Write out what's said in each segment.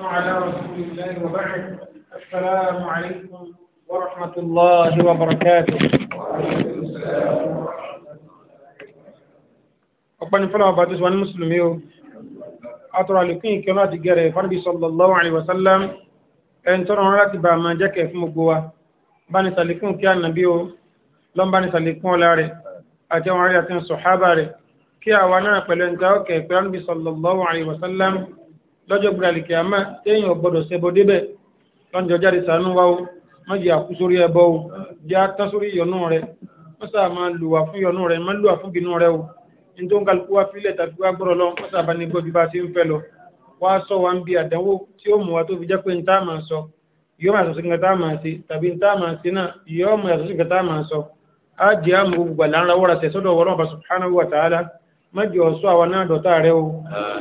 على رسول الله وبعد السلام عليكم ورحمة الله وبركاته ọ̀pọ̀ ní fọ́nà ọba tó sọ ní mùsùlùmí o àtọ̀rọ̀ àlùkún ìkẹ́ láti gẹ̀rẹ̀ fọ́nàbí sallallahu alaihi wasallam ẹni tọ́rọ wọn láti bá máa jẹ́kẹ̀ fún gbogbo wa bá ní sàlékún kí ànàbí o lọ́n bá ní sàlékún ọlá rẹ̀ àti àwọn arẹ́ àti sọ̀hábà rẹ̀ kí àwa náà pẹ̀lú ẹni tàókẹ̀ lọ́jọ́ gbìyànjú kìámà téèyàn gbọ́dọ̀ ṣẹbọ débẹ̀ lọ́njọ́ jáde sànú wa o wọ́n jẹ́ àkú sórí ẹbọ o jẹ́ atán sórí ìyọnú rẹ wọ́n sáà máa lùwà fún ìyọnú rẹ máa lùwà fún gínú rẹ o ní tó ń kálukú wá fílẹ̀ tàbí wá gbọ́dọ̀ lọ wọ́n sáà bá ní gbọ́ bí bá ti ń fẹ́ lọ wá sọ wá ń bi àdánwò tí ó mú wa tó fi jẹ́ pé nta máa sọ yóò máa sọ̀sìn kata máa ṣe tàbí nta máa ṣe náà yóò máa sọ̀sìn kata máa sọ á jẹ́ àmọ́ gbogbo àlàńlá wọ́ra sẹ̀ sọ́dọ̀ wọ́n mẹ́jọ ọ̀sọ́ àwọn náà dọ̀tá rẹ̀ o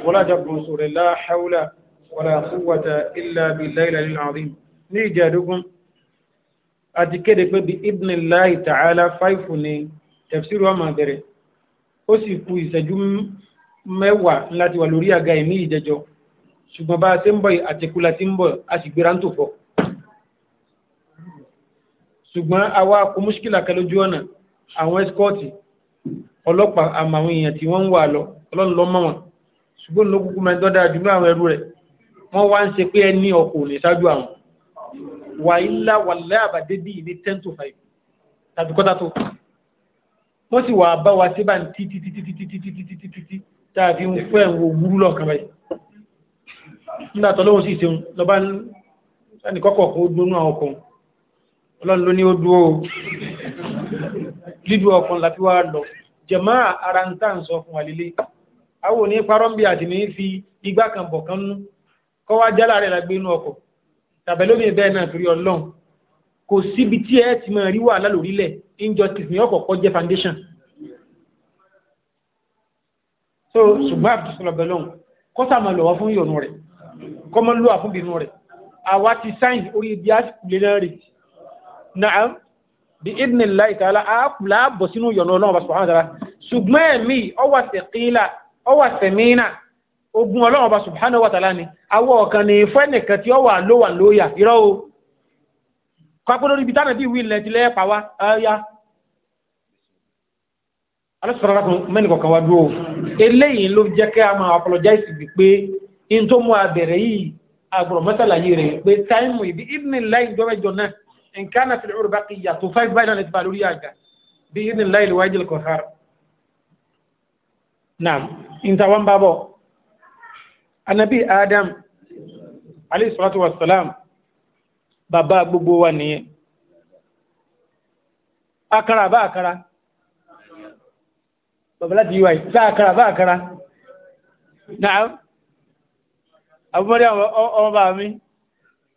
wọ́lájọ́gbọ̀n sọ̀rẹ̀ láháúlà wàlàkúwàtà ilẹ̀ abìláìlà ìlànàrin ní ìjẹ́dógún àti kéde pé bí ibn láì tààlà fáìfù ni tafsiru ọmọ bẹ̀rẹ̀ ó sì kú ìṣẹ́jú mẹ́wàá láti wà lórí àga ẹ̀mí ìjẹjọ ṣùgbọ́n bá a ṣe ń bọ̀ àtẹ̀kù láti ń bọ̀ a sì gbéra ń tò fọ́ ṣùgbọ́n àwa kò múṣkìlà kan lójú ọ̀nà àwọn ẹ́skọ́ọ̀tì ọlọ́pàá àmọ́ àwọn èèyàn tí wọ́n ń wà lọ ọlọ́run ló mọ̀ wọ́n ṣùgbọ́n ló kúkú mẹ́rin tó dára jù ní àwọn ẹrú rẹ̀ wọ́n wá ń ṣe pé ẹni ọkọ̀ òní ṣáájú àwọn wàhálà wàhálà àbàdé bíi ní ten to five tàbí kọ́tà tó wọ́n sì wà bá wa sí bá ń tí tí tí tí tí tí tí tí tí tí tí tí tá a fi ń fẹ́ ń wo burú lọ́ọ̀kan báyìí nígbà tó lóhùn sí ìṣeun lọ́ba ní kọ́kọ́ kó dúró náà ọkọ̀ ọlọ́run ló ní ó dúró lídùú ọkàn láti wá lọ jẹ̀máà ara ń tà ń sọ fún wa lílé àwọn òní parọ́ ń bí àti ní fi igbá kan bọ̀ kan nú kọ́ wá jálá rẹ̀ la gbé inú ọkọ̀ tàbẹ́lómi bẹ́ẹ̀ náà torí ọlọ́run kò síbi tí ẹ ti máa rí wàhálà lórílẹ̀ injustice ní ọkọ̀ kọ́ jẹ́ foundation so ṣùgbọ́n àbùtù sọ̀rọ̀ bẹ́ẹ̀ lọ́hùn kọ́ sàmà lọ́wọ́ fún ìyọnu rẹ̀ kọ́ mọ́ lọ́wọ́ fún ìbínú rẹ̀ àwa ti sáyìn orí ibi àsìkúlé náà rè náà bí ibn allah ta'ala àápùlà bọ̀ sínú ìyọnu ọlọ́run bá sọ̀rọ̀ ṣùgbọ́n ẹ̀mí ọwà sẹ̀kílà ọwà sẹ̀mínà ogun ọlọ́run ọba subhanahu wa ta'ala ni awọ ọ̀kan ní ìfẹ́ nìkan tí ó wà lówà lóyà irọ́ o kápẹ́ lórí ibi tánà bí ìwé ilẹ̀ ti lẹ́yẹ pa wá ayá alẹ́sọ̀rọ̀ lápò mẹ́nì kọ̀ọ̀kan wá dúró eléyìí ló jẹ́ kẹ́ a máa apologize bí pé in tó mú abẹ̀rẹ̀ yìí agbọ̀rọ̀ mọ́sálàyé rẹ̀ pé táìmù ìbí ìbínú láì jọ́mẹ́jọ náà nǹkan náà fi lè rú bá kìyà tó fáìfáì náà ti bá lórí àga bí ìbínú láì lè wáyé jẹ́ lè kọ̀ọ̀kan naam ìntàwọn bá bọ̀ anabi adam alayhi salatu wa salam bàbá gbogbo wa nìyẹn akara bá akara bàbá láti yíwa yìí sá akara bá akara naam abúmọ́dé ọmọ bàbá mi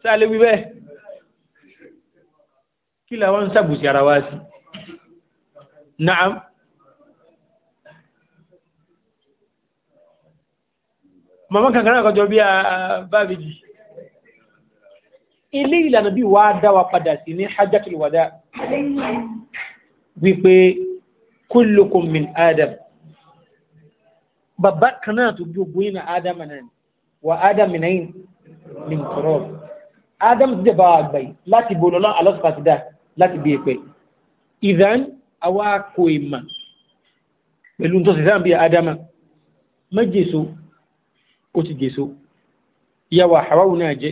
sáà lè wí bẹ́ẹ̀ kí làwọn ń ara wa sí naam. màmá kankan náà kọjọ bí a bábìjì ilé ìlànà bí wàá dá wa padà sí ní hajjatul wada wípé kullukum min adam bàbá kan náà tó gbogbo yìí na adam náà wa adam minayin min turab adam ti dẹ̀bà àgbáyé láti bọ̀ lọ́lọ́ alọ́sùpá ti dá láti bí èpè ìdán àwa kò ìmà pẹ̀lú tó sì sáà bí adam méjèèso ó ti gèso ìyàwó àhàwáwù náà jẹ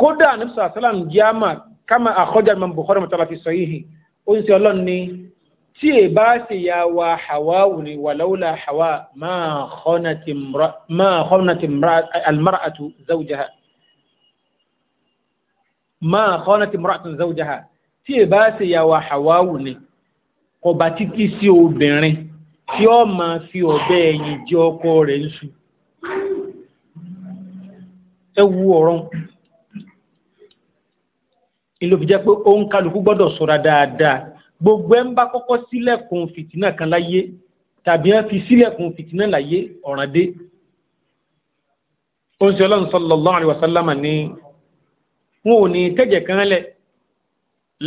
kódà anabisa asalam jíàmà kama àkọjá imam bukhari mọtàlá fi sọ yìí ó ń sẹ ọlọ́run ní tí è bá ṣe ya wa àhàwáwù ni wàláwùlà àhàwá máa kọ́nàtì almaratu zawjaha máa kọ́nàtì maratu zawjaha tí è bá ṣe ya wa àhàwáwù ni kọba títí sí obìnrin tí ó máa fi ọ̀bẹ ẹ̀yìn jẹ ọkọ rẹ̀ ń ẹ wu ọ̀rọ̀ ìlò fi jẹ́ pé òun kálukú gbọ́dọ̀ ṣọ́ra dáadáa gbogbo ẹ̀ ń bá kọ́kọ́ sílẹ̀kùn fìtínà kan láyé tàbí ẹ̀ fi sílẹ̀kùn fìtínà láyé ọ̀ràn dé ó ń sọ ọlọ́run sallallahu alaihi wasallam ní wọn ò ní tẹ́jẹ̀ kan lẹ̀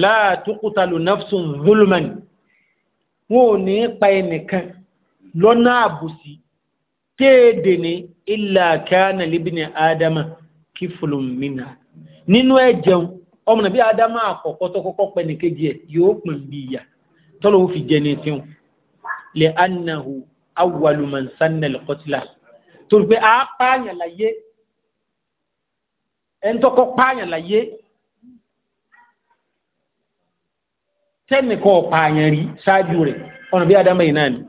la tuqtalu nafsun zulman wọn ò ní pa ẹnìkan lọ́nà àbùsí kéèdè ní illa kana libni ádámà kífùlùm mìnà nínú ẹ̀jẹun ọmọ nàbí adama àkọ́kọ́ tó kọ́kọ́ pẹ́ ní kejì ẹ̀ yóò pín bí ìyà tọ́lọ́ fi jẹ ní tiwọn lè anahu awwaluman sanna lẹ́kọ́tìlá torí pé a pààyàn láyé ẹni tó kọ́ pààyàn láyé tẹ́nìkan pààyàn rí ṣáájú rẹ̀ ọ̀nà bí adama yìí náà ni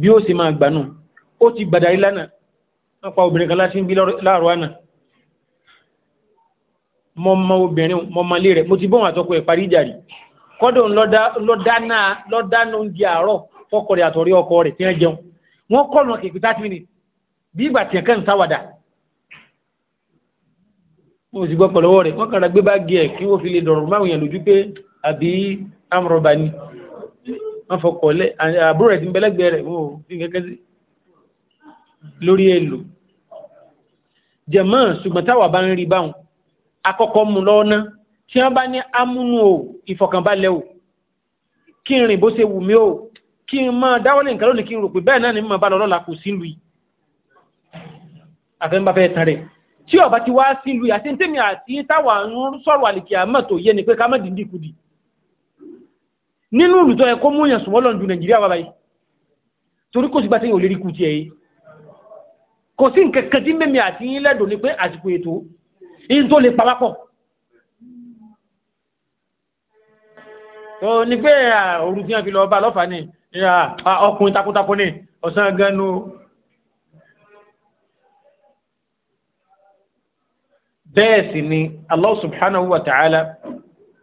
bí ó sì máa gbà náà ó ti gbàdarí lánàá wọ́n pa obìnrin kan láti ń bí láàrọ̀ àná mọ mọ obìnrin mọ mọ lé rẹ̀ mo ti bọ́n àtọkọ ẹ̀ parí ìjà rí kọ́dọ̀ ńlọ́dáná lọ́dáná oúnjẹ àárọ̀ fọ́kọ rẹ̀ àtọ̀rí ọkọ rẹ̀ tí wọ́n jẹun wọ́n kọ́ lọ kìkì tá ti ní bí ìgbà tí ẹ̀kẹ́ ń sáwàdà mo sì gbọ́ pọ̀lọ́wọ́ rẹ̀ wọ́n kàrà gbé báàgì ẹ̀ kí wọ́n fi lè dọ̀rọ̀ máwùn yẹn lójú pé àbí amúrọ̀bà ni wọ́n fọkọ̀ lẹ́ àbúrò rẹ̀ ti ń bẹ́lẹ́gbẹ̀ẹ́ rẹ̀ wọ́n fi kẹ́kẹ́ sí lórí èlò jẹ̀mọ́ ṣùgbọ́n táwa bá ń rí báwọn akọ́kọ́ mu lọ́ọ́ná tí wọ́n bá ní amúnú o ìfọ̀kànbalẹ̀ o kí n rìn bó ṣe wù mí o kí n máa dáwọ́lé nǹkan lónìí kí n rò pé bẹ́ẹ̀ náà ni mo máa bá lọ lọ́la kò sí lu yìí fẹ́ tan rẹ̀ tí ọba ti wá sí lu àti tèmi àti táwa ń sọ̀rọ̀ àlìkì àmọ́ tó yẹ ni pé ká má dìndín kudì nínú olùtọ́ ẹ kó múyàn sùnwọ́n lọ́njú Nàìjíríà wà báyìí torí kò sígbà téèyàn ò lè rí tiẹ̀ yìí kò sí nǹkan kan tí mẹ́mi àti yín lẹ́dùn ni pé àsìkò ètò yín tó lè pawápọ̀. tó ní pé òru tí wọ́n fi lọ bá lọ́fàá ni ọkùnrin takuntakun ni ọ̀sán gan bẹ́ẹ̀ sì ni Allah subhanahu wa ta'ala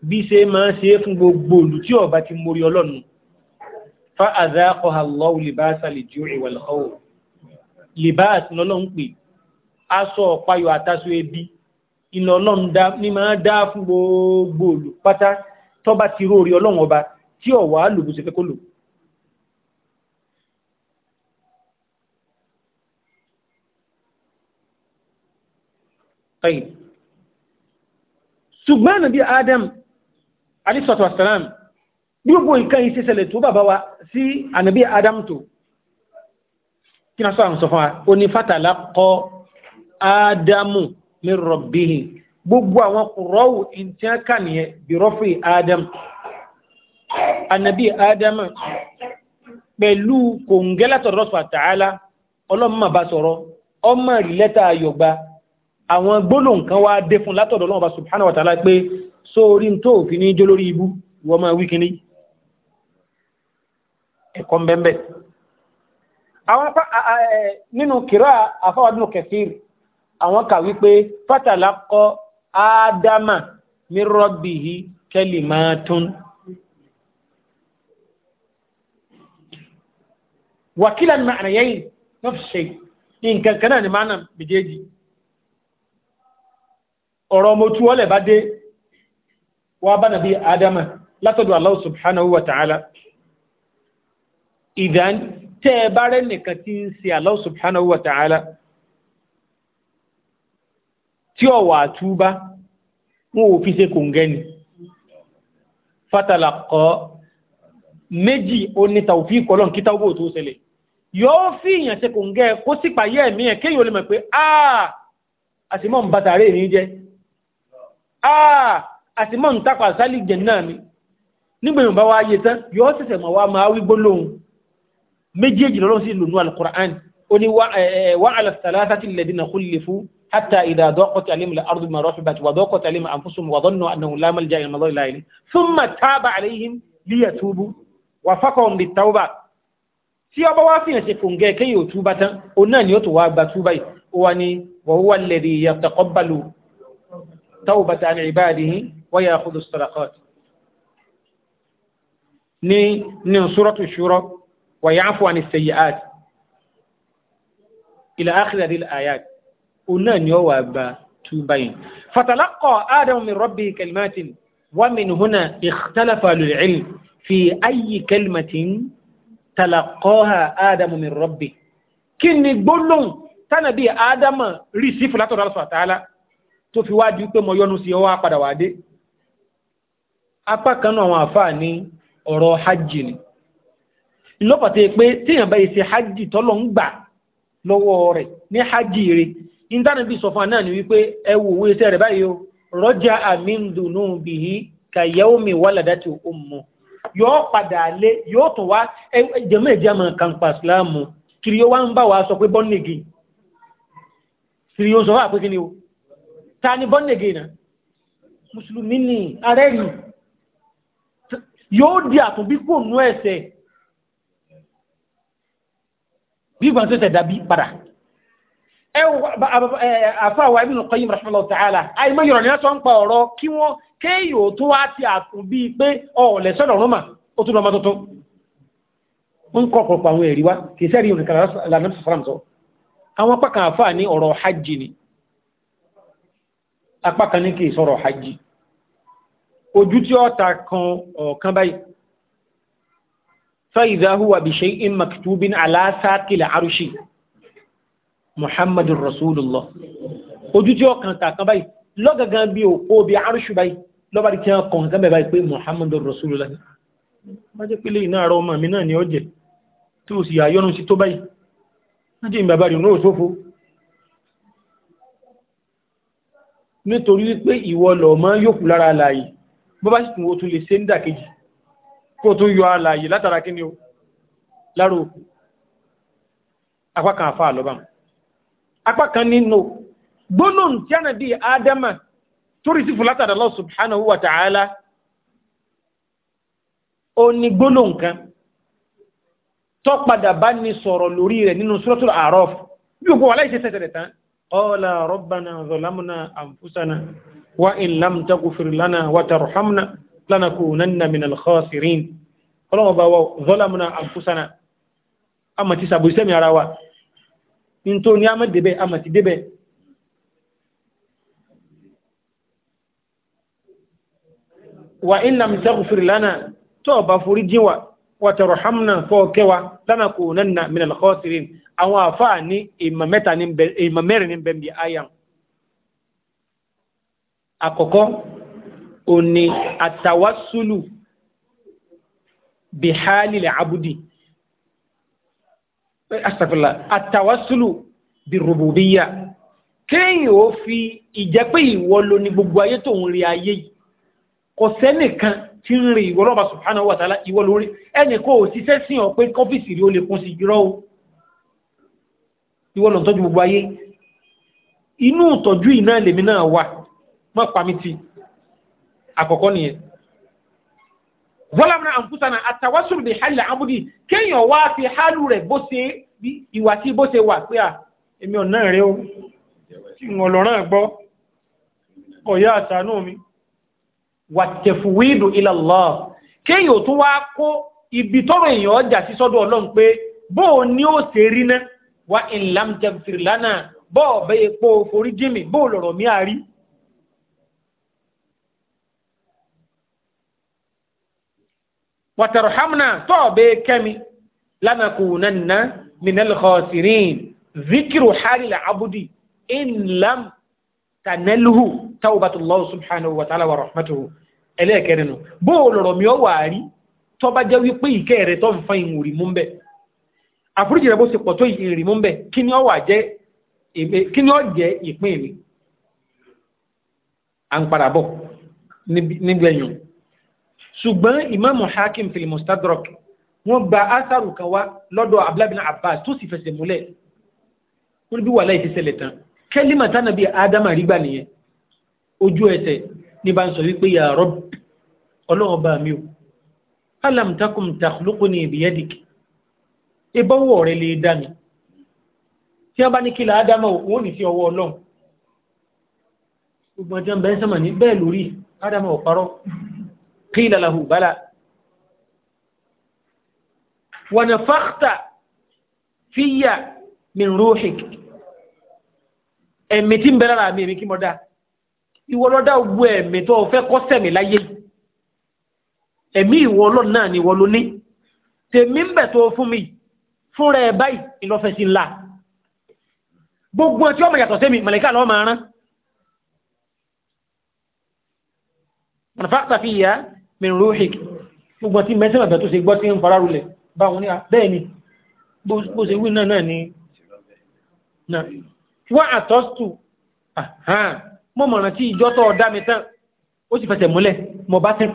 bí ṣe máa ṣe é fún gbogbo olù tí ọba ti mórí ọlọ́nu fa adhaqaha Allahu libasa al-ju'i wal khawf libas lọ́lọ́run pè aṣọ ọ̀payọ̀ àtaṣọ ebi iná ọlọ́run dá ní máa dá fún gbogbo olùpátá tọ́ba ti róore ọlọ́run ọba tí ọ̀wá lò bó ṣe kó lò. ṣùgbọ́n nàbí Adam alayhi salatu wassalam bí gbogbo nǹkan yìí ṣe ṣẹlẹ̀ tó bàbá wa sí ànàbí Adam tó kí náà sọ́rọ̀ sọ fún wa ó ní fàtàlá kọ́ ádámù ní rọ̀bìhì gbogbo àwọn kùrọ́wù ìntí ká nìyẹn bí rọ́fì ádámù anabi ádámù pẹ̀lú kòǹgẹ́látọ̀ rọ́fà tààlà ọlọ́mọ bá sọ̀rọ̀ ọmọ rí lẹ́tà ayọ̀gba àwọn gbólóhùn kan wá dé fún látọ̀dọ̀ ọlọ́mọba subhanahu wa ta'ala pé sórí tó fi ní jó ibú wọ́n máa wí kíní ẹ̀kọ́ mbẹ́mbẹ́ àwọn nínú kìrá àfọwọ́dún kẹfìr àwọn kà wípé fatala kọ ádámà ní rọ́bìhì kẹlìmátún. wakilan ma'anayayi nafsai nǹkan kan náà ni máa nà méjèèjì ọ̀rọ̀ mo tú ọlẹ̀ bá dé wá bá nàbí ádámà látọ̀dọ̀ Allah subhanahu wa ta'ala idan tẹ́ ẹ bá rẹ́ nìkan tí ń ṣe Allah subhanahu wa ta'ala tí ọ̀wà àtúbá wọn ò fi ṣe kòǹgẹ́ni fatalaqqa méjì ó ní tàwùfí kọlọ́n kí táwọn bò tó ṣẹlẹ̀ yóò fi ìyàn ṣe kòǹgẹ́ kó sì pàyẹ́ ẹ̀mí ẹ̀ kéèyàn lè mọ̀ pé áà àtìmọ́ ń bàtàrí èmi jẹ́ áà àtìmọ́ ń tapà sálì jẹ̀ náà mi nígbà yóò bá wá yé tán yóò ṣẹ̀ṣẹ̀ mọ̀ wá máa wí gbólóhùn méjèèjì lọ́lọ́ sí lùnú alukur'an ó ní wà alàtàlátà tí lè dínà kúlè fún hátà ìdá dọ́kọ̀tì alẹ́mìlá ardu ma rọ́fì bàtì wà dọ́kọ̀tì alẹ́mì àǹfùsùn wà dọ́nà àdánwò lámàlì jáyìn mọ́lọ́ ìlàyìn fún mà tábà àlẹ́yìn líyà túbú wà fákọ̀ọ́n di tàwbà tí ọba wá fi hàn ṣe kòǹgẹ́ kéyìí ò túbá tán òun náà ni ó tó wá gba túbá yìí ó wà ní ní wàyáfọ́ àni sẹ́yìáàt ilà ákìlẹ̀ àdìl àyàt òun náà ni ó wà gba túbà yìí. fatalakọ adamu min rabbi kalimatin wa min huna ikhtalafa lulcil fi ayi kalimatin talakọha adamu min rabbi. kí ni gbólóhùn tánàbí adama rí sí fúlátọ̀ rálùsọ̀ àtàlá tó fi wá di pé mo yọnu sí ọwọ́ apàdà wà dé. apá kan náà àwọn àfáà ní ọ̀rọ̀ hajj ni. lọ́pàá tó yẹ pé téèyàn bá yẹ ṣe hajj tọ́lọ̀ ń gbà lọ́wọ́ rẹ̀ ní hajj rẹ̀ intanẹ́tì sọ fún anáà ni wípé ẹ wò owó iṣẹ́ rẹ̀ báyìí o rọ́jà àmìndùnú bìí kàyẹ́wòmí wàlàdàtì òmù yóò padà lé yóò tún wá jẹ́mọ́ ẹ̀jẹ̀ àmọ́ kàǹpà sílámù kiri yóò wá ń bá wa sọ pé bọ́nẹ̀gì kiri yóò sọ wá pé kí ni o ta ni bọ́nẹ̀gì náà mùsùlùmí ni arẹ́rì yóò di àtúnbí kò nú ẹ̀sẹ̀ bí ìgbà tó tẹ̀dá bí padà ẹ àfa wa Ibn Qayyim rahimahullah ta'ala àìmọ ìrọ̀lẹ́ náà sọ ń pa ọ̀rọ̀ kí wọ́n kéèyàn tó wá ti àkùn bíi pé ọ̀ọ̀lẹ̀ sọ̀rọ̀ ọ̀rọ̀ mà ó tún lọ́mọ tuntun ń kọ́ ọ̀pọ̀lọpọ̀ àwọn ẹ̀rí wa kì í sẹ́rí òǹkà lànà sàrám sọ àwọn apá kan àfa ní ọ̀rọ̀ hajj ni apá kan ní kì í sọ̀rọ̀ hajj ojú tí ọ̀ta kan ọ̀kan báyìí فإذا هو بشيء مكتوب على ساق العرش محمد رسول الله ojú tí ọkàn tàkan báyìí lọ́gangan bí òkú bí arúṣù báyìí lọ́ba tí wọ́n kàn sábẹ̀ báyìí pé muhammadu rasulullah bá jẹ́ pélé iná ara ọmọ mi náà ni ó jẹ́ tí ó sì àyọ́nu sí tó báyìí wọ́n jẹ́ ìbàbá rẹ̀ náà sófo nítorí pé ìwọ lọ́ọ́ máa yókù lára àlàyé bó bá sì tún wo tún lè ṣe ń dà kejì kó tún yọ àlàyé látara kí ni o lárò òkú apá kan àfa àlọ́bà apá kan nínú gbólóhùn tí ànàbí ádámà torí sí fún látara Allah subhanahu wa ta'ala ó ní gbólóhùn kan tó padà bá ní sọ̀rọ̀ lórí rẹ̀ nínú suratul A'raf bí òkú wà láìsẹ̀ sẹ̀tẹ̀rẹ̀ tán qala rabbana zalamna anfusana wa in lam taghfir lana lanakunanna minal khasirin ọlọ́wọ́n bá wọ zọ́lámùnà àfúsánà àmàtí sàbòsẹ́mi ara wa nítorí ní àmàdébẹ̀ àmàtí débẹ̀ wa in lam taghfir lana tó bá forí jíwa wàtàrọ̀hámnà fọ́ọ̀kẹwa lánàkùnánà minal khasirin àwọn àfáà ní ìmọ̀ mẹ́rin ní bẹ̀m̀bì ayan àkọ́kọ́ ó ní àtàwásùlù bìhálìlẹ̀ abudi asàfìlà àtàwásùlù bìrùbùbíyà kéèyàn ó fi ìjẹ́ pé ìwọ lo ní gbogbo ayé tó ń rí ayé yìí kò sẹ́nìkan tí ń rí ìwọ lọ́ba subhanahu wa ta'ala ìwọ lórí ẹnì kò ṣiṣẹ́ sí ọ pé kọ́fíìsì rí ó lè kún sí irọ́ o ìwọ ló tọ́jú gbogbo ayé inú ìtọ́jú ìná lèmi náà wà má pa akoko ni zolamna anfusana atawassul bi hal abdi ken yo wa fi halure bose bi iwa ti bose wa pe a emi ona re o ti ngo loran gbo o ya sanu mi wa tafwidu ila allah ken yo wa ko ibi toro eyan oja si sodo olohun pe bo ni o se rina wa in lam tagfir lana bo be po forijimi bo loro mi ari wàtàrọ̀hámnà tọ́ọ̀bẹ kẹ́mi lánàkùnánná minalkhasirin zikiru halil abudi in lam tanelhu tawbatullah subhanahu wa ta'ala wa rahmatuhu ẹlẹ́ẹ̀kẹrin nù bó o lọ̀rọ̀ mi ọ wà á rí tó bá jẹ́ wípé fa ìwò rí mú bẹ́ àforíjì rẹ bó ṣe pọ̀ tó ìrìn mú bẹ́ kí ni ọ wà jẹ́ kí ni ṣùgbọ́n ìmáàmù hakim fil mustadrak wọ́n gba asaru kan wá lọ́dọ̀ abdullahi abbas tó sì fẹsẹ̀ múlẹ̀ wọ́n bí wàhálà ìfi ṣẹlẹ̀ tán kẹ́límà tánà bíi ádámà rígbà nìyẹn ojú ẹsẹ̀ ní bá ń sọ wípé ya Rabb ọlọ́run bá mi o alam takum takhluquni biyadik ìbọ̀wọ̀ rẹ̀ lè dá mi tí wọ́n bá ní kí la ádámà wọ́n ní sí ọwọ́ ọlọ́run gbogbo ọjọ́ bẹ́ẹ̀ sọ́mọ̀ ní bẹ́ẹ̀ lórí ádámà ò قيل له بلى ونفخت في من روحك ẹ̀mí tí ń bẹ lára mi èmi kí mo dá ìwọ ló dá gbogbo ẹ̀mí tó o fẹ́ kọ́ sẹ̀mí láyé ẹ̀mí ìwọ ọlọ́run náà ni ìwọ ló ní tèmi mi fúnra ẹ̀ báyìí ìlọ́fẹ̀sí ńlá gbogbo ẹ̀ tí ọmọ yàtọ̀ sẹ́mi màlẹ́kà lọ́ọ́ máa rán. ونفخت فيها min ruhik gbogbo tí mẹ́sìn àgbà tó ṣe gbọ́ tí ń fara rulẹ̀ bá wọn ní ah, ni bó ṣe wí náà náà ni wọ́n àtọ́sùtù mọ́ mọ̀ràn tí ìjọ tó ọ̀dá mi tán ó sì fẹsẹ̀ múlẹ̀ mọ̀ bá ti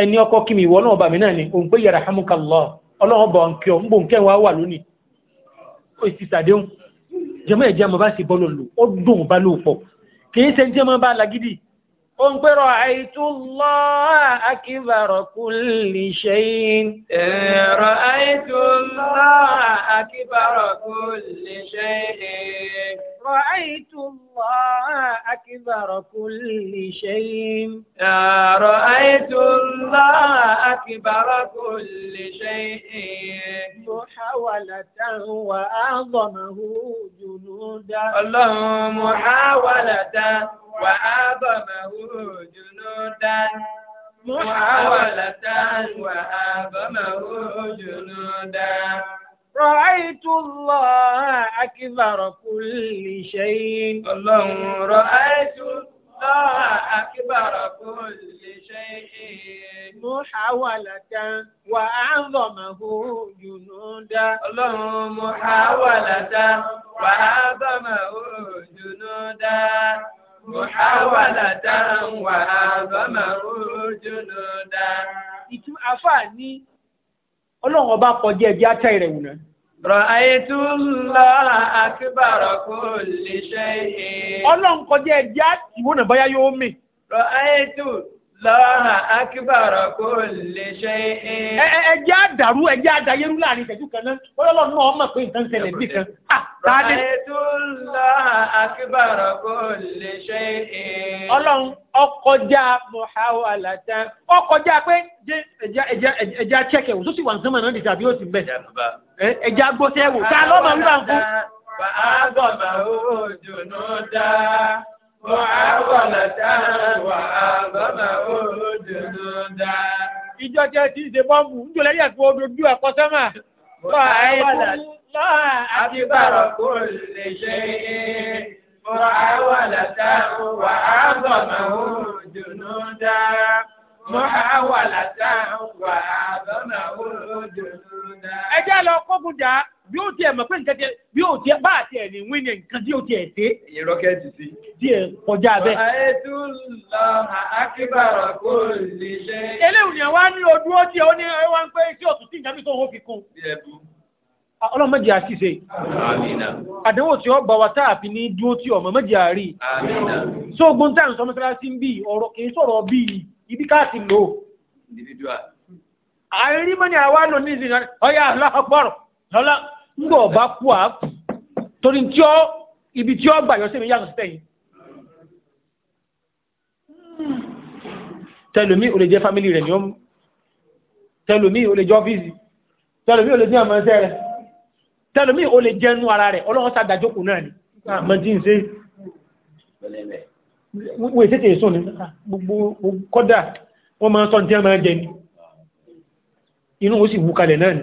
ẹni kí mi ìwọ náà bà mí náà ni ọlọ́run bọ̀ nkẹ́ ọ̀ ń bò nkẹ́ wa wà lónìí ó sì sàdéhùn ẹ̀jẹ̀ mọ̀ bá sì bọ́ lò ó dùn bá lò pọ̀ kì í ṣe bá ó ń pè ra'aytullaha akbara kulli shay'in. ra'aytullaha akbara kulli shay'in. ra'aytullaha akbara kulli shay'in. ra'aytullaha akbara kulli shay'in. muhawalatan wa a'zamahu junudan. Allahu muhawalatan wà á bọ̀ màwó jùlọ dání. محاولة وآبمه جنودا رأيت الله أكبر كل شيء الله رأيت الله أكبر كل شيء محاولة وأعظمه جنودا الله محاولة وأعظمه جنودا muhawalatan wa abamaru junuda. ìtú afa ní ọlọ́run ọba kọjá ẹbí ata rẹ̀ wù náà. Ra'aytu Allah akbara kulli shay'in. Ọlọ́run kọjá ẹbí àti yóò mì. Ra'aytu. lọ́hà akíbàrọ̀ kò lè ṣe é. ẹjẹ́ àdàrú ẹjẹ́ àdàyérú láàrin ìṣẹ́jú kan náà wọ́n lọ́nà náà mọ̀ pé nǹkan ṣẹlẹ̀ bí kan. ràìtú lọ́hà akíbàrọ̀ kò lè ṣe é. ọlọ́run ọkọjá muhawalata ọkọjá pé ẹjẹ́ wò wà náà wò a lọ́mọ wíwá fún. Ìjọ jẹ́ ti ṣe bọ́m̀bù, ń jòlẹ́ yẹ̀ fún ojú ẹ̀kọ́ sẹ́mà. Àti bàrọ̀ kò lè ṣe é. Mọ̀rọ̀ àwọn àlàtà wà á bọ̀ máa ń jùnú dá. Mọ̀rọ̀ àwọn àlàtà wà á bọ̀ máa ń dá. Ẹ jẹ́ lọ kógun jà bí ó tiẹ̀ mọ̀ pé nǹkan tiẹ̀ bí ó tiẹ̀ bá tiẹ̀ ní wí ni nǹkan tí ó tiẹ̀ dé. èyí rọ́kẹ́tì sí. díẹ̀ kọjá bẹ́ẹ̀. ọ̀rẹ́ tó lọ àkíbàrọ̀ kò lè ṣe. eléyìí ni wọ́n ní ojú ó tiẹ̀ ní wọ́n ń pẹ́ tí òtún tí nǹkan tó ń fi kún. ọlọ́run méjì á ṣìṣe. àdánwò tí ó gbà wá tá a fi ní dúró tí ọmọ méjì á rí. sóògùn tá sọ mọ́sálásí ń bì ọ̀rọ̀ kì í sọ̀rọ̀ bíi ibi káàtì àìrí mọ́ni àwa lò ní ìsìn ọ̀yà aláàpọ̀rọ̀ lọ́lá ńgbọ̀ ọba kú à torí tí ó ibi tí ó gbà yọ sí mi yàtọ̀ sí tẹ̀yìn. tẹlomi ò lè jẹ fámìlì rẹ ni ó mú tẹlomi ò lè jẹ ọfíìsì tẹlomi ò lè jẹ àmọ́ṣẹ́ rẹ tẹlomi ò lè jẹ nú ara rẹ ọlọ́wọ́n sàdájókòó náà ni àmọ́ tí ń ṣe wọ́n èsì tèè sùn ní gbogbo kọ́dà wọ́n máa ń sọ ní tí wọ́n máa ń jẹ ni inú ó sì wú kalẹ̀ náà ni.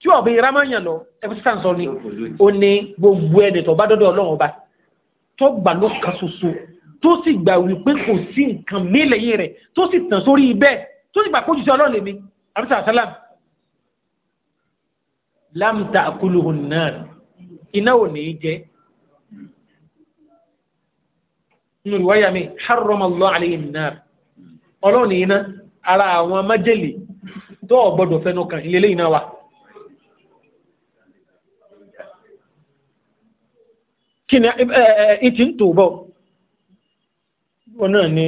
tí ọ̀bẹ yẹra máa ń yàn lọ ẹbí sísá ń sọ ni ó ní gbogbo ẹni tó bá dọ́dọ̀ ọlọ́run ọba tó gbà ló kan ṣoṣo tó sì gbà wípé kò sí nǹkan mí lẹ́yìn rẹ̀ tó sì tàn sórí ibẹ̀ tó sì gbà kó jùsọ ọlọ́run lèmi àbí sàlám lam ta náà iná ò ní í jẹ nínú ìwáyà mi harromallah alayhi náà ọlọ́run iná ara àwọn májèlé tó ò gbọdọ̀ fẹnu kan ilé lẹ́yìn náà wà. kí ni eh, eh, ìtì ń tò bọ̀ wọn náà ni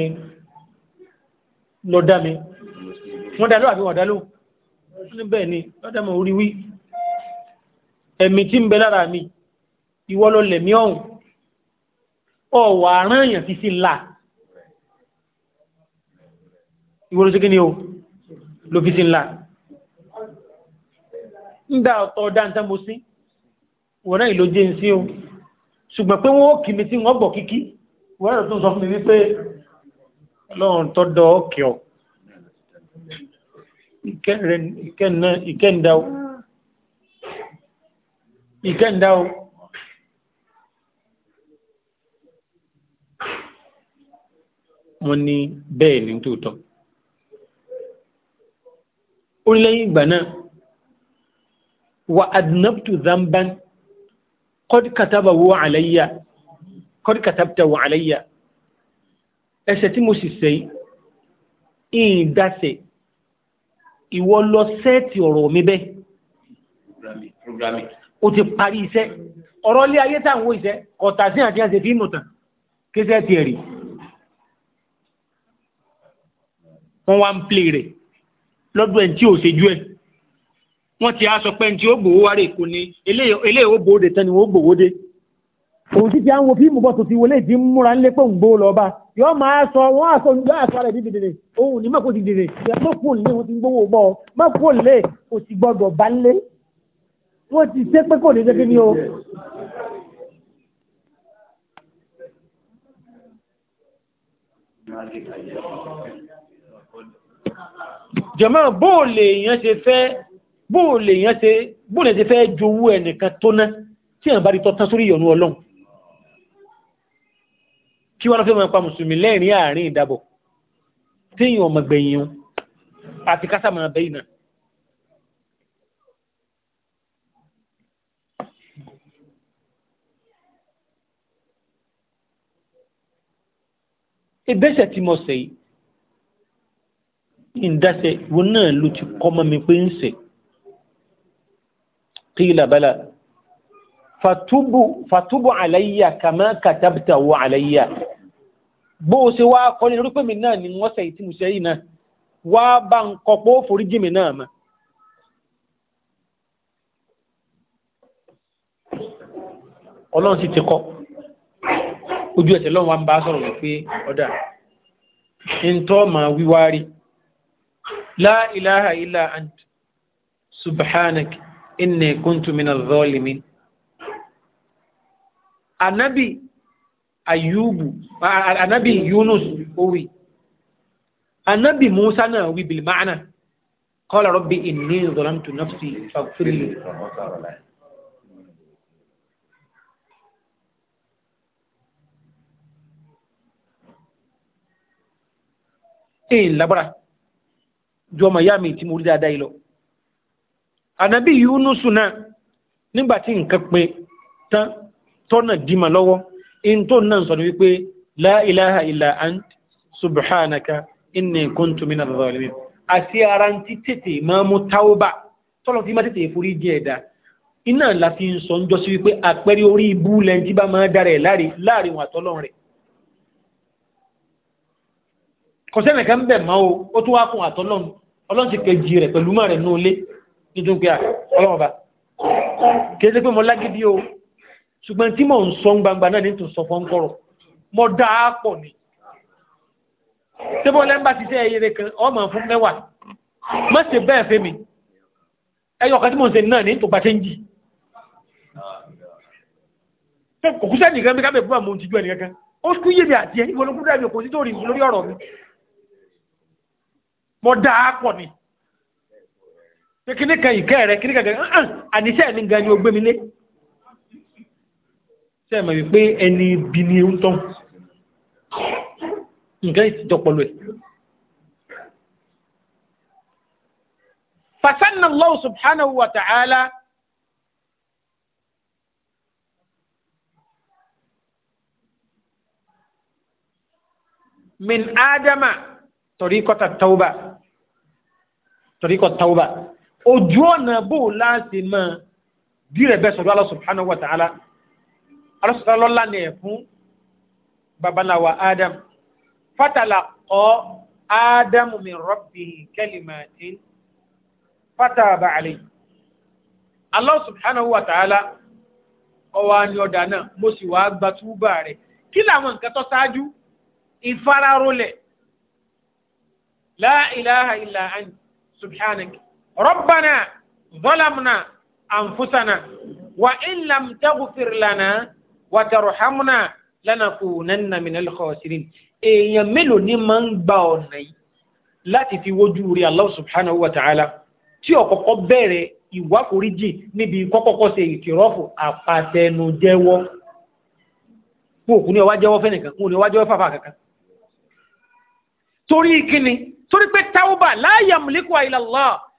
lọ́dá mi wọ́n dá lóhùn àbí wọ́n dá lóhùn níbẹ̀ ni lọ́dá mi ò rí wí ẹ̀mí tí ń bẹ lára mi ìwọ ló lẹ̀mí ọ̀hún ọ̀wà àrán èèyàn ti sí ńlá ìwọ ló ti ni o ló fi sí ńlá ń dá ọ̀tọ̀ dáńtá mo sí wọ́n náà ìlò jẹ́ ń sí o ṣùgbọ́n pé wọ́n ó kì mí tí wọ́n gbọ́ kíkí wọ́n rẹ̀ tó sọ fún mi wípé ọlọ́run tó dọ ọkẹ́ ọ ìkẹ́ǹdà ó ìkẹ́ǹdà ó wọ́n ní bẹ́ẹ̀ ní tòótọ́ ó lẹ́yìn ìgbà náà wà adnabtu zamban قد katabahu alayya قد katabtahu alayya ẹ̀ṣẹ̀ tí mo sì ṣe ìyìn dáṣẹ̀ ìwọ lọ sẹ́ẹ̀tì ọ̀rọ̀ mi bẹ́ẹ̀ o ti parí iṣẹ́ ọ̀rọ̀ ilé ayé tá à ń wo iṣẹ́ kọ̀tà sí àti àṣẹ fíìmù tán kí sẹ́ẹ̀tì ẹ̀rì wọ́n wá ń pèlè rẹ̀ lọ́dún tí ò ṣe jú ẹ̀ wọ́n ti aṣọ pé tí ó gbòwó wáré kò ní eléyìí ó gbòóde tán ni wọ́n gbòwó dé. òun títí àwọn fíìmù bọ́ tó ti wọlé ìdí múra ńlẹ́ pé òun gbó lọ bá yọ máa sọ wọn àṣọ ìjọ àṣọ rẹ̀ ní dèrè òun ní mọ̀kò ti dèrè mọ̀kò lé wọn ti gbówó bọ̀ mọ̀kò lé kò sì gbọdọ̀ bá lé wọ́n ti ṣe pé kò ní ṣe kí ni o. jọ̀mọ́ bóòlù èèyàn ṣe fẹ́ bóòlè yẹn ṣe bóòlè ṣe fẹ́ jowú ẹnìkan tó ná tí yàn bá rí tọ́tán sórí ìyọ̀nù ọlọ́run kí wọ́n fẹ́ máa pa mùsùlùmí lẹ́rìn àárín ìdábọ̀ téèyàn ọmọ gbẹ̀yìn wọn àti kásá máa bẹ́yìn náà. ìgbésẹ̀ tí mo sẹ́yìn ìdásẹ̀ wo náà ló ti kọ́ mọ́ mi pé ń sẹ́yìn. قيل بلى فتب فتب علي كما كتبته علي bó ṣe wá kọ́ ní orí pé mi náà ni wọ́n ṣe ìtí mo ṣe mi náà ma. ọlọ́run sì ti kọ́ ojú ẹsẹ̀ lọ́wọ́ wa ń bá sọ̀rọ̀ wípé ọ̀dà máa la ilaha illa ant subhanak inni kuntu minal zalimin anabi ayubu anabi yunus ó wí anabi musa náà wí bil ma'ana qala rabbi inni zalamtu nafsi faghfirli ìlàbára jọmọ ya mi tí mo rí dáadáa yìí lọ ànábì yúnúsù náà nígbàtí nǹkan pé tán tọ́nà dìmọ̀ lọ́wọ́ in tó náà sọ ní wípé la ilaha illa ant subhanaka inni kuntu minadh dhalimin ara ń ti tètè máa mú táwọ́bà tọ́lọ́ fi máa tètè forí jẹ́ ẹ̀dá iná la fi ń sọ ń jọ sí wípé àpẹẹrẹ orí ibú lẹ́ńtí bá máa dára ẹ̀ láàrin wọn rẹ̀ bẹ̀ máa o ó tún wá kún àtọ́lọ́run ọlọ́run ti kejì rẹ̀ pẹ̀lú máa rẹ̀ tuntun pé ọlọ́mọba kìí ṣe pé mo lágídí o ṣùgbọ́n tí mò ń sọ gbangba náà ní tòun sọ fọ́n kọ̀rọ̀ mo dá a pọ̀ ni tébọ̀ lẹ́mbà ti ṣe ẹyẹrẹ kan ọmọ fún mẹ́wàá má ṣe bẹ́ẹ̀ fẹ́ mi ẹyọ kan tí mò ń ṣe náà ní tòpá ṣe ń jì kò sẹ́ nìkan bí kábẹ̀ búwa mo ti ju ẹ̀ nìkan ó kú yé mi àti ẹ̀ ìwọ̀n ló kú dàbí òkú sí rí lórí ọ̀rọ̀ mi mo dá a pọ̀ ni pé kíní kan ìkẹ́ rẹ kíní kan kan ah, ah, àníṣe mi gan ni o gbé mi lé ṣe é mọ̀ wípé ẹni ibi ni ń tán nǹkan ìtìjọpọ̀ lọ ẹ̀. فسن الله سبحانه وتعالى من آدم طريقة التوبة طريقة التوبة ojú ọ̀nà bò láti mọ dírẹ̀ bẹ́ẹ̀ sọ̀rọ̀ Allah subhanahu wa ta'ala alọ́sọ̀tà lọ́la ní ẹ̀fún babaláwa Adam fatala ọ Adam min rabbihi kalimatin fataba alayhi Allah subhanahu wa ta'ala ọwọ́ ni ọ̀dà náà mo sì wá gbatúbà rẹ̀ kí làwọn nǹkan tó ṣáájú ìfararolẹ̀ la ilaha illa ربنا ظلمنا أنفسنا وإن لم تغفر لنا وترحمنا لنكونن من الخاسرين èèyàn mélòó ni máa ń gba ọ̀nà yìí láti fi wojú rí Allah subhanahu wa ta'ala tí ọ̀kọ̀kọ́ bẹ̀rẹ̀ ìwákòríjì níbi kọ́kọ́kọ́ ṣe ìkìrọ́fù àpàtẹnujẹ́wọ́ fún òkú ní ọwá jẹ́wọ́ fẹ́nìkan òun ní ọwá jẹ́wọ́ fàfà kankan torí kíni torí pé tauba la yamliku ila Allah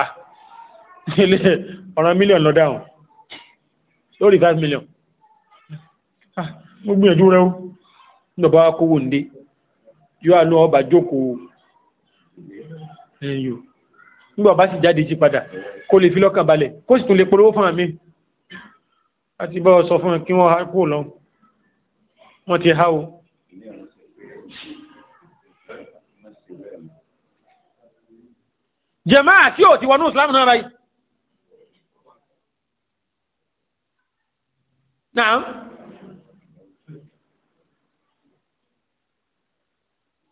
ah ilé ọ̀ràn mílíọ̀n lọ dáhùn lórí five million ah mo gbìyànjú rẹ o nígbà bá kówó ǹdé yóò àánú ọba jókòó ẹ̀yìn o nígbà bá sì jáde jí padà kó lè fi lọ́kàn balẹ̀ kó sì tún lè polówó fún àmì láti bọ́ sọ fún kí wọ́n há kúrò lọ wọ́n ti há jẹmáà tí ò ti wọnú islam náà báyìí náà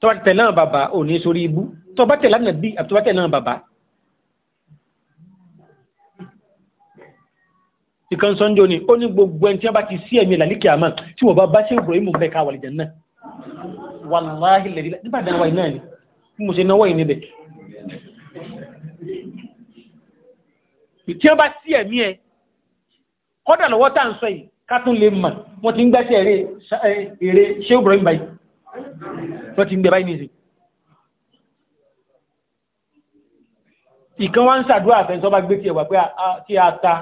tọ́wọ́ tẹ̀lé náà bàbá ò ní sórí ibú tọ́wọ́ tẹ̀lé náà bí àtọ́wọ́ tẹ̀lé náà bàbá ìkan sọ́njọ́ ni ó ní gbogbo ẹni tí wọ́n bá ti sí ẹ̀mí ìlàlíkì àmà tí wọ́n bá bá ṣe ìbòrò ìmọ̀ ká wà náà wàláhì lẹ́dí nígbà dáná wáyé náà ni mo ṣe náwó yìí níbẹ̀ tí wọ́n bá sí ẹ̀mí ẹ kọ́dà lọ́wọ́ tá à sọ yìí ká tún lè mọ̀ wọ́n ti ń gbẹ́sẹ̀ eré eré ṣé ó bọ̀rọ̀ yín báyìí ti ń gbẹ báyìí nìyí. ìkan wá ń ṣàdúrà àfẹnusọ́ bá gbé tiẹ̀ wà pé kí a ta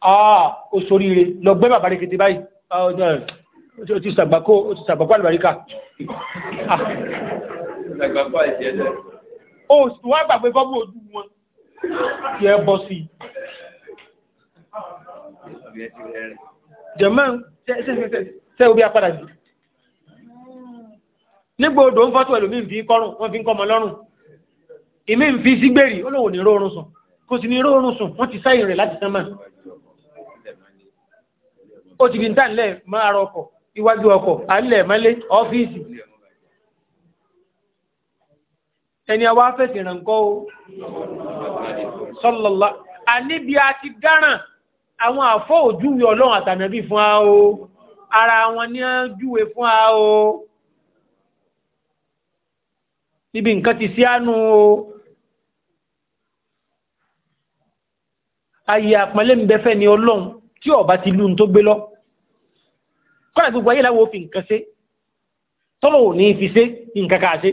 ó lọ gbé bàbá rẹ̀ kété báyìí ó ti sàgbàkó ó ti sàgbàkó àlùbáríkà. ó wá gbàgbé fọ́bù ojú wọn tí ẹ bọ́ sí jẹ̀mọ́n tẹ́ obi apádà jù nígbà odò ń fọ́tò ẹlòmí fi kọ́rùn wọ́n fi ń kọ́mọ lọ́rùn ìmí ń fi sígbèrè ó lòun ní róorun sùn kò sì ní róorun sùn wọ́n ti sáyìn rẹ̀ láti sánmà ó ti fi ń tà nílẹ̀ máa rọ ọkọ̀ iwájú ọkọ̀ alẹ́ mọ́lé ọ́fíìsì ẹni a wá fèsì ìrànkọ́ o sọlọ́lá àníbi a ti dáràn àwọn àfọ́ òjúwe ọlọ́run àtànàbí fún a o ara wọn ni a júwe fún a o níbi nǹkan ti sí àánú o ayé àpọ́nlé ń bẹ fẹ́ ni ọlọ́run tí ọba ti lú tó gbé lọ kọ́nà gbogbo ayé láwọ́ fi nǹkan ṣe tọ́lọ̀ ò ní fi ṣe nǹkan kà ṣe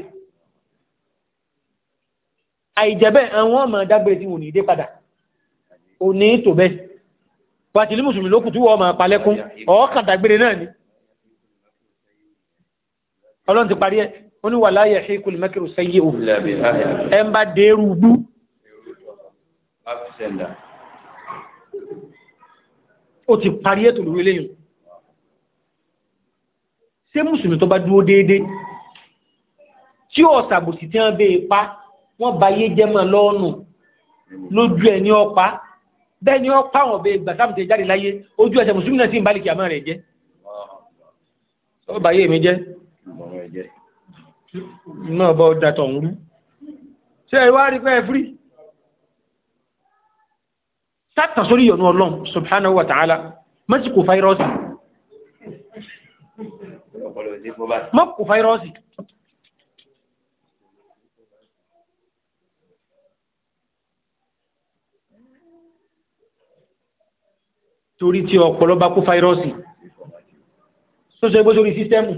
àìjẹ́bẹ́ àwọn ọmọ dágbére tí wò ní ìdé padà ò ní tò bẹ́ẹ̀ pàtìlí mùsùlùmí ló kù tí wọ́n máa palẹ́kún ọ̀ọ́kàn dágbére náà ni ọlọ́run ti parí ẹ̀ ó ní wàlá yẹ ṣe kùlù mẹ́kìrù sẹ́yẹ o ẹ ń bá dẹ́rù bú. ó ti parí ẹ̀ tó lórí ṣé mùsùlùmí tó bá dúró déédéé tí ọ̀sàbòsì tí wọ́n bẹ́ẹ̀ pa wọ́n ba yé jẹ́mọ̀ lọ́ọ̀nù lójú ẹ̀ ní ọ̀pá bẹ́ẹ̀ ni ọ̀pá àwọn ọ̀bẹ gbàtàmù tẹ̀ jáde láyé ojú ẹsẹ̀ mùsùlùmí náà sì ń bá lìkì àmọ́ rẹ̀ jẹ́ ọba yé mi jẹ́ náà bọ́ datọ̀ ń rú ṣé ẹ wá rí pé firi sátàn sórí ìyọ̀nù ọlọ́run subhanahu wa ta'ala mọ́sí kò fáírọ́ọ̀sì mọ́ kò fáírọ́ọ̀sì. torí tí ọpọlọ bá kó fáírọ́ọ̀sì tó ṣe gbóṣorí sísẹ́mù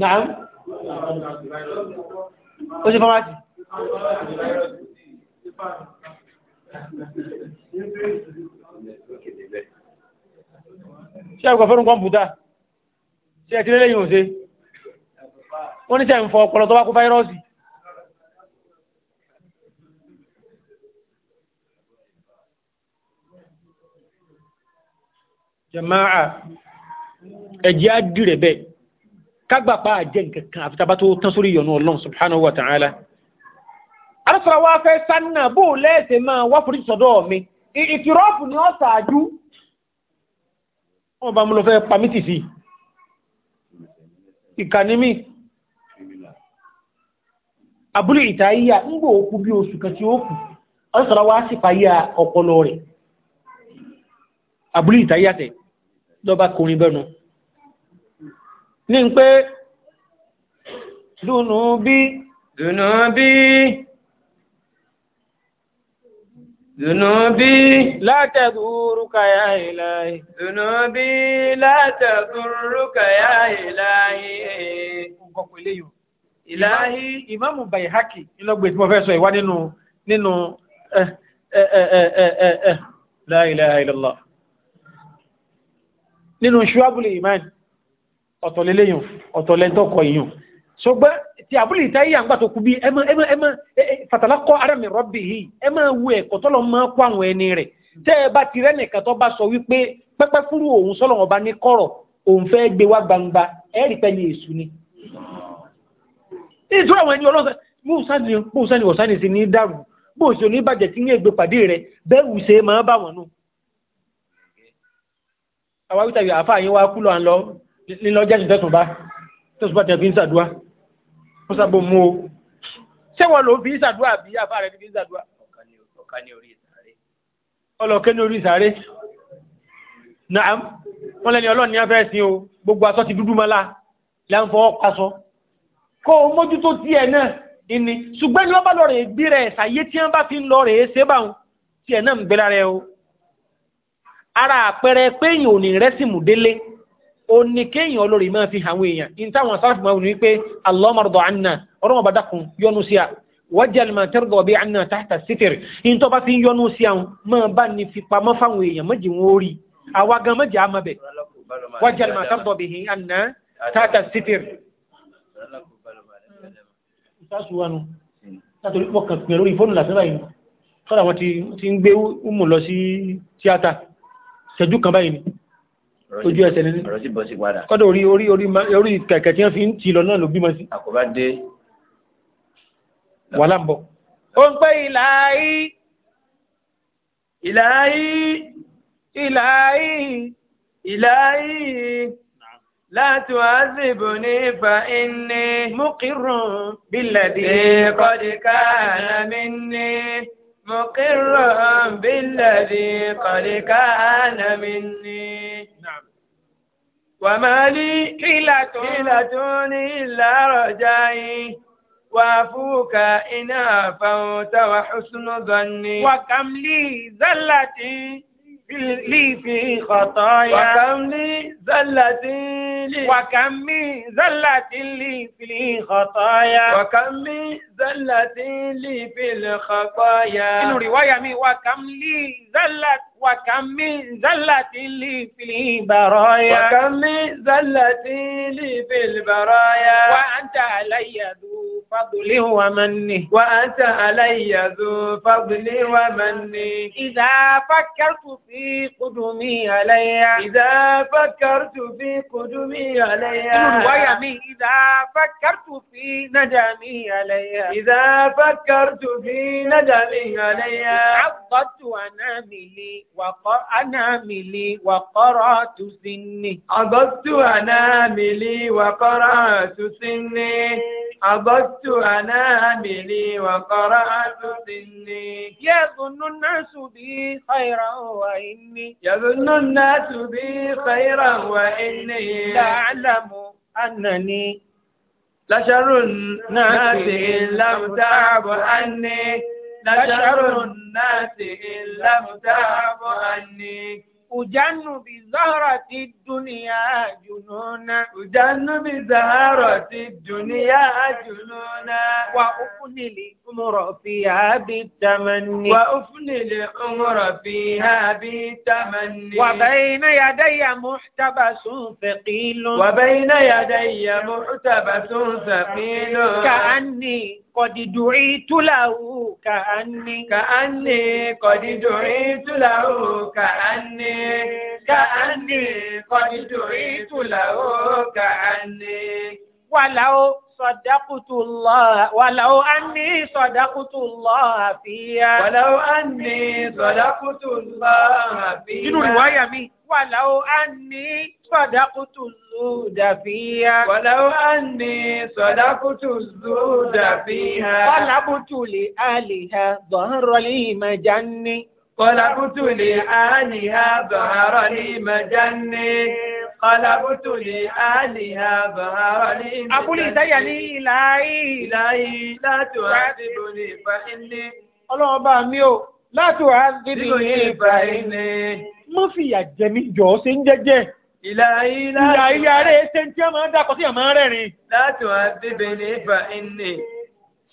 náà ó ṣe fáwájì ṣe ẹ̀kọ́ fẹ́rún kọ́mpútà ṣe ẹ̀tí lẹ́lẹ́yìn òṣè wọ́n ní ṣe ń fọ ọpọlọ tó bá kó fáírọ́ọ̀sì jama'a ẹ̀jẹ̀ ji adịrị bẹ́ẹ̀ kágbà pa àjẹ́ kan tó tán sórí ìyọnu ọlọ́run subhanahu wa ta'ala. alásọ̀rọ̀ wa fẹ́ sanna bó o máa wá forí sọ́dọ̀ mi ni ó ṣáájú. wọ́n bá mi lọ fẹ́ pamítì sí ìkànnì mi abúlé ń gbòó kú bí oṣù kan tí ó kù àbúlé ìtayàtẹ̀ lọ́ba kùnrin bẹ́nu ní pé dùnú bí dùnú bí dùnú bí látẹ̀dúrúkà yá ìlàyé dùnú bí látẹ̀dúrúkà yá ìlàyé ọgbọ̀pọ̀ ilé yìí ìlàyé ìmáàmù Bayhaqi ìlọ́gbẹ̀ẹ́ tí mo fẹ́ sọ ìwá nínú nínú ẹ̀ ẹ̀ ẹ̀ ẹ̀ ẹ̀ ẹ̀ la ilaha illallah nínú ṣuábùlì iman ọ̀tọ̀lẹ́lẹ́yìn ọ̀tọ̀lẹ́tọ̀kọ̀ yìnyín ṣùgbọ́n ti àbúlì ìtayé àgbà tó kú bí ẹmọ ẹmọ ẹmọ fàtàlá kọ́ ara mi rọ́bì yìí ẹ máa wo ẹ̀kọ́ tọ́lọ́ máa kó àwọn ẹni rẹ̀ tẹ́ ẹ bá ti rẹ́nìkan tó bá sọ wípé pẹ́pẹ́ fúrú òun sọ́lọ̀ ọba ní kọ̀rọ̀ òun fẹ́ gbé wá gbangba ẹ̀rí pẹ́ni èṣù ni. ìtura àwọn ẹni ọlọ́sẹ̀ bóun sani àwa wíta yìí àfa yín wá kú lọ à ń lọ nílọ jẹ́sìn tẹ̀sùn bá tẹ̀sùn bá tẹ̀ fi ń ṣàdúrà ó sábò mú o ṣé wọn ló fi ń ṣàdúrà bí àfa rẹ fi ń ṣàdúrà. ọ̀ka ní orí ìsàré. ọlọ́ọ̀kẹ́ ní orí ìsàré. naam wọn lẹni ọlọ́ọ̀ ní afẹ́ sin o gbogbo aṣọ ti dúdú mọ́lá là ń kó o mójútó tiẹ̀ náà ìní ṣùgbọ́n ní wọ́n bá lọ rèé gbé rẹ̀ ṣàyé tí wọ́n bá ara àpẹẹrẹ péyìn ò ní rẹ́sìmù délé ò ní kéyìn olórí máa fi àwọn èèyàn ní táwọn sáfì máa wù ní pé Allahumma rọ̀dọ̀ àná ọlọ́mọ bá dákun yọnu sí a wajal ma tẹ́rọ̀dọ̀ bí àná tahta sítìr ní tó bá fi ń yọnu sí àwọn máa bá ní fi pamọ́ fáwọn èèyàn méjì wọn ó àwa gan méjì á má bẹ̀ wajal ma tẹ́rọ̀dọ̀ bí àná tahta sítìr. ìtàṣùwánu látòrí pọ̀ kàn pẹ̀lú ìfọ́nù làtẹ́rà yìí kọ́ra ṣẹ́jú kan báyìí ni ojú ẹsẹ̀ ni kọ́dọ̀ orí orí orí kẹ̀kẹ́ tí wọ́n fi ń ti lọ náà ló bímọ sí. àkóbá dé. wàhálà ń bọ̀. ó ń pẹ́ ìlàyé ìlàyé ìlàyé ìlàyé láti wá síbò ní fa inni mukirun bílẹ̀ dé kọ́dí káàná mi ní. مقرا بالذي قد كان مني وما لي حيلة حيلة إلا رجائي وعفوك إن عفوت وحسن ظني وكم لي زلتي لي في خطايا وكم لي زلة لي وكم من زلة لي في الخطايا وكم من زلة لي في الخطايا إنه رواية مي وكم لي زلة وكم من زلة لي في البرايا وكم من زلة لي في البرايا وأنت علي ذو فضل ومن وأنت علي ذو فضل ومن إذا فكرت في قدمي علي إذا فكرت في قدمي علي ويمي إذا فكرت في ندمي علي إذا فكرت في ندمي علي عضت أنامي wàkọ́ anáàmìlì wàkọ́rọ̀ tùsínì. àgọ́tù anáàmìlì wàkọ́rọ̀ tùsínì. àgọ́tù anáàmìlì wàkọ́rọ̀ tùsínì. yẹ́dùnú náà sùbí xayira wà ẹni. yẹ́dùnú náà sùbí xayira wà ẹni. làálàmù ànàní. لشر الناس إن لم تعب عني الناس إلا لم أني عني أجن بزهرة الدنيا جنونا أجن بزهرة الدنيا جنونا وأفني الأمر فيها بالتمني وأفني الأمر فيها بالتمني وبين يدي محتبس ثقيل وبين يدي محتبس ثقيل كأني kọ̀dìdù ìtúláwù kàánì. kàánì kọ̀dìdù ìtúláwù kàánì. kàánì kọ̀dìdù ìtúláwù kàánì. wàláwo sọ̀dákùtù lọ́ha wàláwo àní sọ̀dákùtù lọ́ha fìyà. wàláwo àní sọ̀dákùtù lọ́ha fìyà. nínú ìwáyà mi. ولو أني صدقت الزود فيها ولو أني صدقت الزود فيها طلبت لآلها ظهر لي مجني طلبت لآلها ظهر لي مجني قلبت لآلها ظهر لي أبو لي ديني إلهي إلهي لا تعذبني فإني الله باميو لا تعذبني فإني má fìyà jẹ mí jọ ṣe ń jẹ́jẹ́. ìlà ilé ìlà ilé ààrẹ ṣe ń tí a máa ń dàkọ sí àmọ́ rẹ̀rin. láti wá bíbẹ̀ ní ìfà ẹni.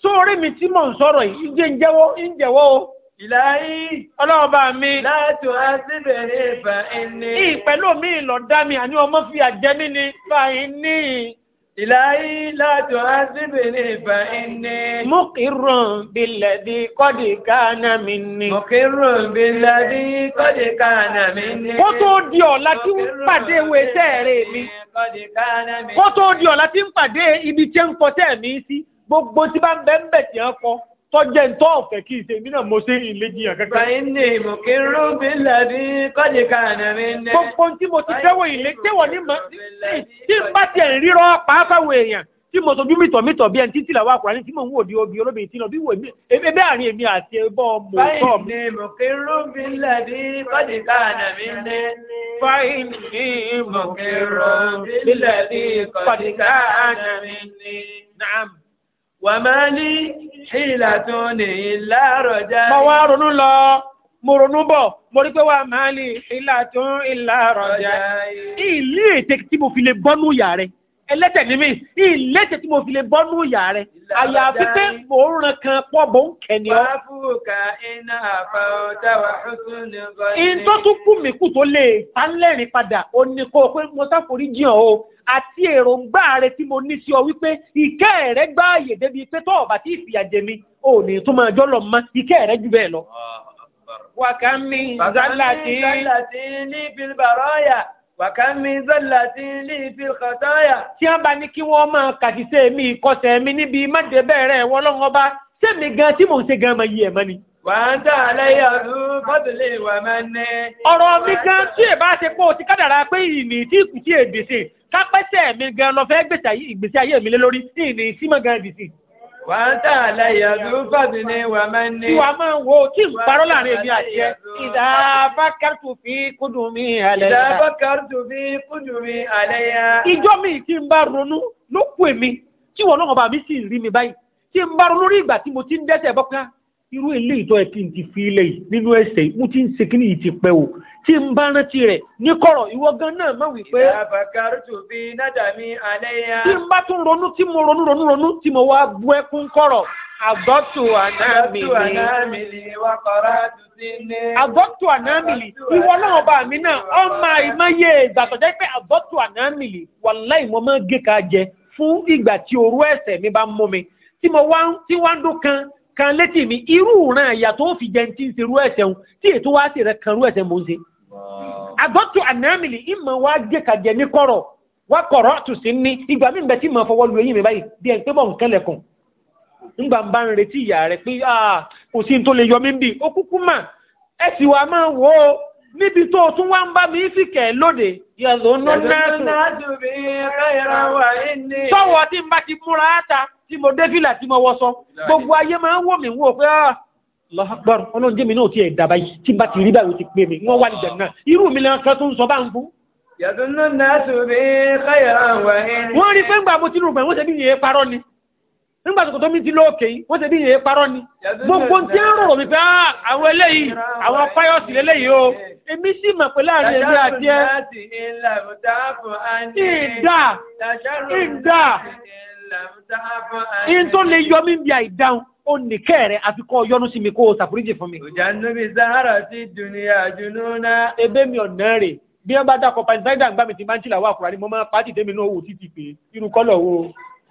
sórí mi tí mò ń sọ̀rọ̀ yìí ń jẹ́ ń jẹ́wọ́ ń jẹ́wọ́ o. ìlà yìí. ọlọ́run bá mi. láti wá bíbẹ̀ ní ìfà ẹni. ìpẹ́lú mi lọ dá mi àní ọmọ fìyà jẹ mí ni. fà ẹni. إلهي لا تعذبني فإني مقر بالذي قد كان مني مقر بالذي قد كان مني kó tó di ọ̀la tí ń pàdé wẹsẹ̀ rẹ̀ mi kó tó di ọ̀la tí ń pàdé ibi tí ń kọsẹ̀ mi sí gbogbo tí bá ń bẹ́ẹ̀ bẹ̀ tí ń kọ́ tọ́jẹ́ ntọ́ ọ̀fẹ́ kí ìṣe mí náà mo ṣe ilé jiyàn kẹ́kẹ́. báyìí ní ìmọ̀kí rúbí lẹ́bí kọ́jì kàánà mi ní. gbogbo tí mo ti dẹ́wọ̀ ilé kéwọ̀ ní mọ̀ tí n bá tiẹ̀ ń rírọ́ pàápàá èèyàn tí mo sojú mìtọ̀ mìtọ̀ bí ẹni títí làwọn àkùrá ní tí mò ń wò di obi olóbìnrin tí lọ bí wò mí ebe bẹ́ẹ̀ àárín èmi àti ẹbọ mò ń tọ̀ mi. báyìí ní ìmọ̀kí rúbí lẹ́bí kọ́jì kàánà mi ní. báyìí ní ìmọ̀kí rúbí lẹ́bí kọ́jì kàánà mi ní wàmálí ìlà tó ní ìlàrọ̀ jáde. mo wá ronú lọ mo ronú bọ̀ mo rí pé wàmálí ìlà tó ìlàrọ̀ jáde. ìlú ètè tí mo fi lè gbọ́nú yàrá ẹlẹ́tẹ̀ ní mi ìlẹ́tẹ̀ tí mo fi lè bọ́ nú ìyá rẹ̀ àyàfi pé mò ń ran kan pọ̀ mò ń kẹ́ni ọ́. wàhálà iná àfàwọ̀dá wà hùsùn ní bọ́ọ̀lì. ìtò tún kù mí kù tó lè pálẹ̀rìn padà ó ní kó o pé mo sáforí jiyàn o àti èròǹgbà rẹ tí mo ní sí ọ wípé ìkẹ́ rẹ gbá àyè débi pé tó ọ̀bà tí ìfìyà jẹ mi ò ní tún máa jọ́ lọ mọ́ ìkẹ́ rẹ jù bẹ́ẹ̀ lọ. wàkàmí zálàtì ní bilbarọ́yà wàkàmí zọ́là tí lè fi kọ̀tọ́yà. tí wọ́n bá ní kí wọ́n máa kàṣìṣe mi kọsẹ̀ mi níbi mọ́tẹ́ bẹ̀rẹ̀ wọ́n lọ́wọ́ bá sẹ́mi gan tí mò ń ṣe gan máa yí ẹ̀ mọ́ ni. wà á dá aláyà rú bọ́tùlé wà máa ní. ọ̀rọ̀ mi gan tí ẹ bá ṣe pé ti kádàrá pé ìní tí kù tí kápẹ́sẹ̀ mi gan lọ gbèsè ayé mi lé lórí ìní símọ̀ gan dìsìn wà á tà láyà tó fàbí ní wà máa ní. ìwà máa ń wo tí n parọ́ láàrin èmi àti ẹ. ìdá bákàtù fi kúndùn mi àlẹ́ yá. ìdá bákàtù fi kúndùn mi àlẹ́ yá. ìjọ mi tí n bá ronú ló kù èmi tí wọn náà bá mi sì rí mi báyìí tí n bá ronú lórí ìgbà tí mo ti ń dẹ́ṣẹ̀ bọ́kàn irú ilé ìtọ́ ẹ kí n ti fi ilẹ̀ yìí nínú ẹsẹ̀ mo ti ń pẹ́ o tí n bá rántí rẹ̀ ní kọ̀rọ̀ ìwọ gan náà má wí pé. nádàmí tí n bá tún ronú tí mo ronú ronú ronú tí mo wá bu ẹkún kọ̀rọ̀. àgbọ̀tù ànámìlì wàkọ̀rọ̀ àtúntì ní. àgbọ̀tù ìwọ náà bá mi náà ọmọ ìmọye pe jẹ́ pé àgbọ̀tù wàláì ka jẹ fún ìgbà tí orú mi bá mú mi tí kan kan létí mi irú ràn àyà tó fi jẹ tí ń serú ẹ̀sẹ̀ tí ètò wá sí rẹ̀ kan ẹ̀sẹ̀ mò ń ṣe. àgọ́tù anamili ìmọ̀ wá jẹ́ kàjẹ́ ní kọ̀rọ̀ wá kọ̀rọ̀ tù sí ní ìgbà mí bẹ tí mọ̀ fọwọ́ lu eyín mi báyìí bí ẹ̀ ń nǹkan ńgbà ń bá ń níbi tó o tún wá ń bá mi sì kẹ̀ lóde. yàtọ̀ nọ́ọ̀nù sọ́wọ́ tí n bá ti múra áta tí mo dé fìlà tí mo wọṣọ gbogbo ayé máa ń wò mí wò pé ah, lọ́gbọ́n ọlọ́run jẹ́mi náà ti ẹ̀ dàbá yìí tí n bá ti rí báyìí o ti pè mí wọ́n wà nígbà náà irú mi lẹ́yìn tó ń sọ bá ń bú. yàtọ̀ nọ́ọ̀nù wọ́n rí pé ń gbà mo ti rò pé wọ́n ṣe bí ìyẹn parọ́ ni nígbà tó tó mi ti lóòkè yìí wọ́n ṣe bí ìyẹn parọ́ ni gbogbo tí ń rọrọ̀ wípé ah, àwọn eléyìí àwọn fáyọ̀sì eléyìí o èmi sì mọ̀ pé láàrin ẹ̀mí àti ẹ̀ ìdá ìdá ìyẹn tó lè yọ mí bí àìdáhùn ó nìkẹ́ rẹ̀ àfi kọ́ yọnu sí mi kó o ṣàforíjì fún mi. ìjà ń níbi sahara ti dunia jununa. ebe mi ọ̀nà rè bí wọ́n bá dákọ̀ pàǹtí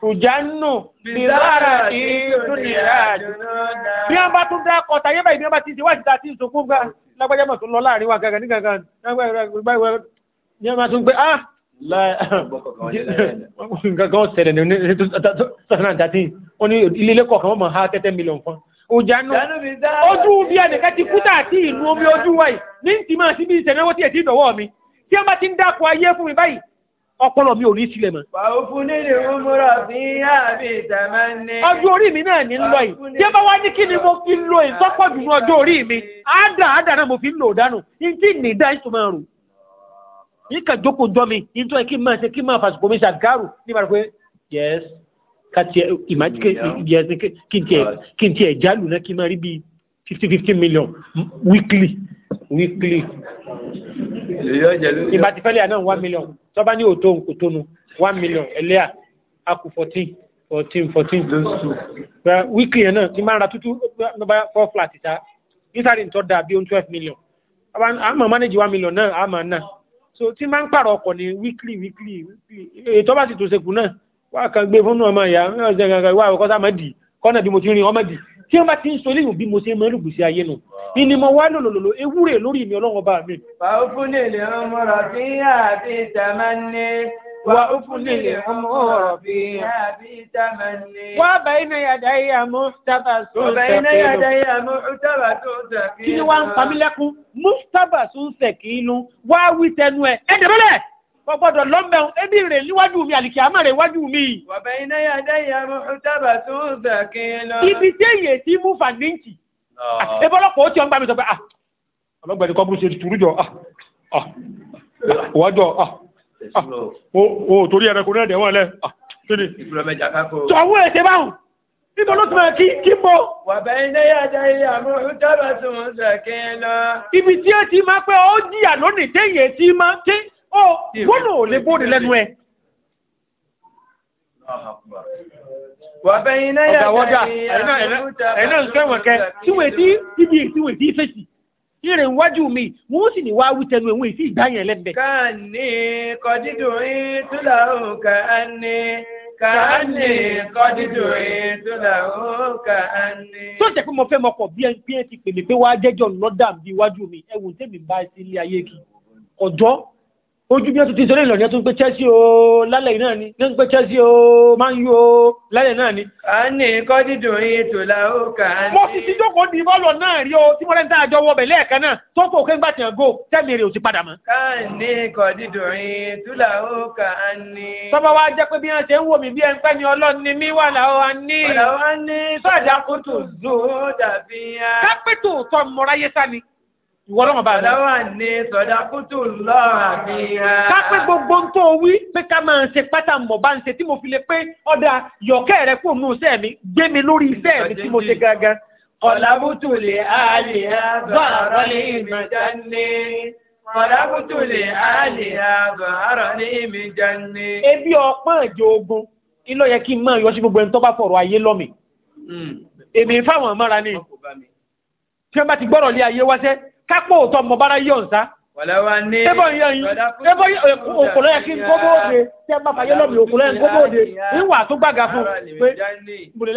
tùjánù nìlára ìlú nìlára bí wọn bá tún dá ọ̀tá yẹn báyìí bí wọn bá ti ṣe wájú ta ti ń sunkún gan lágbájá mọ̀ tó lọ láàrin wa gangan ní gangan lágbájá ní wọn bá tún gbé ah gangan ṣẹlẹ̀ ní two thousand and thirteen ó ní ilé kọ̀ọ̀kan wọn mọ̀ ha tẹ́tẹ́ mílíọ̀n fún òjànù ojú bí ẹnìkan ti kú tà àti omi ojú wa yìí ní ntìmọ̀ síbi ìṣẹ̀lẹ̀ wọ́n ti ẹ̀ ti dọ̀wọ́ mi tí wọn bá ti ń dákọ̀ ayé fún mi báyìí ọpọlọ mi ò ní sílẹ̀ mọ́. Fàófún nílé òmùrọ̀ bí i Ọjọ́ orí mi náà ní lọ yìí. Jẹ́ bá wá ní kí ni mo fi lo ìtọ́pọ̀ jù ọjọ́ orí mi. Ádà ádà náà mo fi lò dánù. Ìtí ní ìdá ìtumọ̀ rùn. Ìkà jókòó jọ mi, ìtọ́ ẹ̀ kí máa ṣe kí máa fàṣùkò mi ṣàgárù ní ìbára pé yẹ́s kí n tiẹ̀ jálù náà kí n máa rí bíi fifty fifty million weekly. Weekly. ìgbà tí fẹ́lẹ̀ náà one million tó bá ní òtó kò tónu one million ẹlẹ́à akù fourteen fourteen fourteen wíkìlì náà ti máa ń ra tútú nọmba four flat ta nísàrí nítorí dà bí twelve million àmọ́ manage one million náà àmọ́ náà so tí máa ń pààrọ̀ ọkọ̀ weekly. wíkìlì wíkìlì ètò bá sì tó ṣe kù náà wà á kàn gbé fóònù ọmọ ìyá ọ̀sẹ̀ kankan wà á kọ́ sá mọ́ dì kọ́nà bí mo ti rìn ọmọ dì tí wọ́n bá ti ń sọ léyìn bí mo ṣe mọ́ lùgbùsí ayé nù ní mo wá lòlòlò ewúrẹ́ lórí mi ọlọ́run ọba mi. wà ó fún lè lè ọmọ rọ̀ sí àbí ìtàmánì. wà ó fún lè lè ọmọ rọ̀ sí àbí ìtàmánì. wà á bàyí náà yàda yà mú tábà tó ń sẹ̀kẹ́ lọ. bàyí náà yàda yà mú tábà tó ń lọ. kí ni wàá ń pamílẹ́kún mú tábà tó inú wàá wí tẹnu ẹ̀ ẹ̀ dẹ̀bẹ̀lẹ̀ kò gbọ́dọ̀ lọ́mọ ebi níwájú mi àlìkí àmọ́ rè wájú mi. wàbẹ iná yà dé ìyá mọ̀tàbà tó zàkè lọ. ibi tí èyí ti mú fàdíǹtì. Ah, ebi ọlọ́pàá ó ti ọgbà mi sọ pé ah ọlọ́gbẹ̀ni kọ́ bó ṣe tùrú jọ ah ah wájọ ah ah o torí ẹranko náà dẹ̀ wọ́n lẹ ah kí ni. tọ́wọ́ ẹ̀ ṣe báwọn níbo ló ti máa kí kí mo. wàbẹ iná yà dé ìyá mọ̀tàbà tó zàkè lọ. ibi tí ó ti máa pẹ́ ó jìyà lónìí ó gbọ́nà ò lè bóde lẹ́nu ẹ̀. ọ̀gá wọ́dà ẹ̀yìn náà ń sẹ́wọ̀n kẹ́ tíwèé tí ibi ìtíwèé tí fèsì ìrìn iwájú mi wọ́n sì ní wá wí tẹnu ìwé ìsì ìdáyẹn lẹ́bẹ̀ẹ́. ká ní kọjídù yín túlà ó ká ní ká ní kọjídù yín túlà ó ká ní. tó jẹ́ pé mo fẹ́ mọ ọkọ̀ bí ẹni pé ti pèmí pé wàá jẹ́jọ́ lọ́dà bí iwájú mi ẹ̀wù tèmi bá ti ilé ayé kí ọjọ́ ojú bí wọ́n tún ti sọ lẹ́yìn ni wọ́n tún pé Chelsea o lálẹ́ yìí náà ni wọ́n tún pé Chelsea o Man U o lálẹ́ náà ni. a ní kọ́ dídùn ètò làwọn kà á ní. mo sì ti jókòó di bọ́ọ̀lù náà rí o tí mo rẹ́ ń tà àjọ wọbẹ̀ lẹ́ẹ̀kan náà tó kò kéńgbà tí wọ́n gò tẹ́lẹ̀ rẹ̀ ò ti padà mọ́. a ní kọ́ dídùn ètò làwọn kà á ní. tọ́ba wa jẹ́ pé bí wọ́n ṣe ń wò mí bí ẹn ìwọ lọ́wọ́ bá mi. ọlọ́wọ́ ni sọ̀dá kútù lọ́ra mi ha. ká pé gbogbo ń tó wí pé ká máa ṣe pátá mọ̀ bá ń ṣe tí mo fi lè pé ọ̀dà yọ̀kẹ́ rẹ kò nù iṣẹ́ mi gbé mi lórí iṣẹ́ mi tí mo ṣe gangan. ọ̀làbùtù lè àlè ha bàárọ̀ ní ìmọ̀jáde. ọ̀làbùtù lè àlè ha bàárọ̀ ní ìmọ̀jáde. ebi ọpọ́n ìjọ ogun ilé yẹ kí n máa yọ sí gbogbo ẹni tó bá fọ̀rọ̀ ayé lọ́mì. Hmm. èmi fáwọn mọ́ra ni tí wọ́n bá ti gbọ́rọ̀ lé ayé wáṣẹ́ kápò òtọ́ mọ̀ bára yọ̀ ń sá. Wàlẹ́wà ní òkòlọ́ yẹ kí n kó bóde tí ẹ bá fàyẹ́ lọ́mì òkòlọ́ yẹ kó bóde níwà tó gbága fún pé múlẹ̀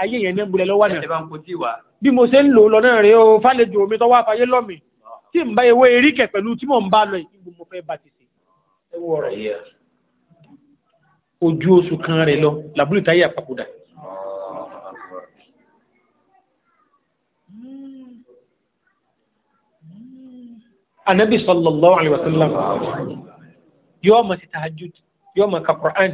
ayé yẹn ní múlẹ̀ lọ́wọ́ náà. Bí mo ṣe ń lò lọ náà rèé o fálejò mi tọ́wọ́ àfàyẹ́ lọ́mì tí n bá ewé eríkẹ̀ pẹ̀lú tí mò ń bá lọ ìgbìmọ̀ mo fẹ́ bá ti Ojú oṣù kan rẹ̀ lọ làbúlì táyé àpapòdà. anabi sallallahu alayhi wa sallam yóò máa ṣe tahajud yóò máa ka quran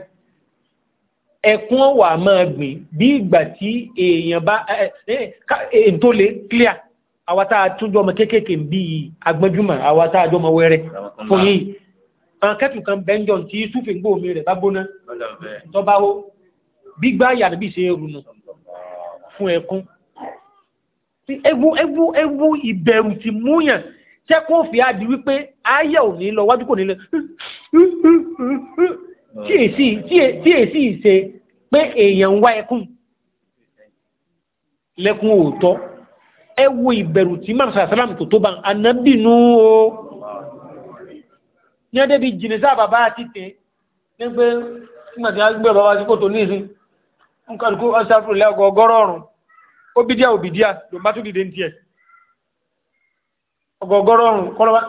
ẹkún wà máa gbìn bí ìgbà tí èèyàn bá èèyàn tó lè clear àwa tá a tún jọ ọmọ kéékèèké ń bí agbẹjúmọ̀ àwa tá a jọ ọmọ wẹrẹ fún yìí akẹ́tù kan bẹ́ńjọ̀n tí súfì ń gbòmí bá gbóná tó ó gbígbá yàrá bí ṣe rùnà fún ẹkún ẹgbú ẹgbú ẹgbú ìbẹ̀rù ti múyàn ṣé kó fi á di wípé ayé ò ní lọ wájú kò ní lọ e, tí èsì ṣe pé èèyàn ń wá ẹkún lẹ́kún òótọ́ ẹ wo ìbẹ̀rù tí máa sàrà sálàmù tó tó bá ń anábìnú o ní ọdẹ bíi jìnnìṣà bàbá àti tè ní pé nígbà tí wọ́n gbé bàbá sí kòtò ní ìsìn nǹkan kó ọ̀sán fúnlẹ̀ ọgọ́rọ̀ọ̀rùn ó bídíà ó bídíà lòun bá tún dìde ní tiẹ̀ ọgọgọrọ ọrùn kọlọba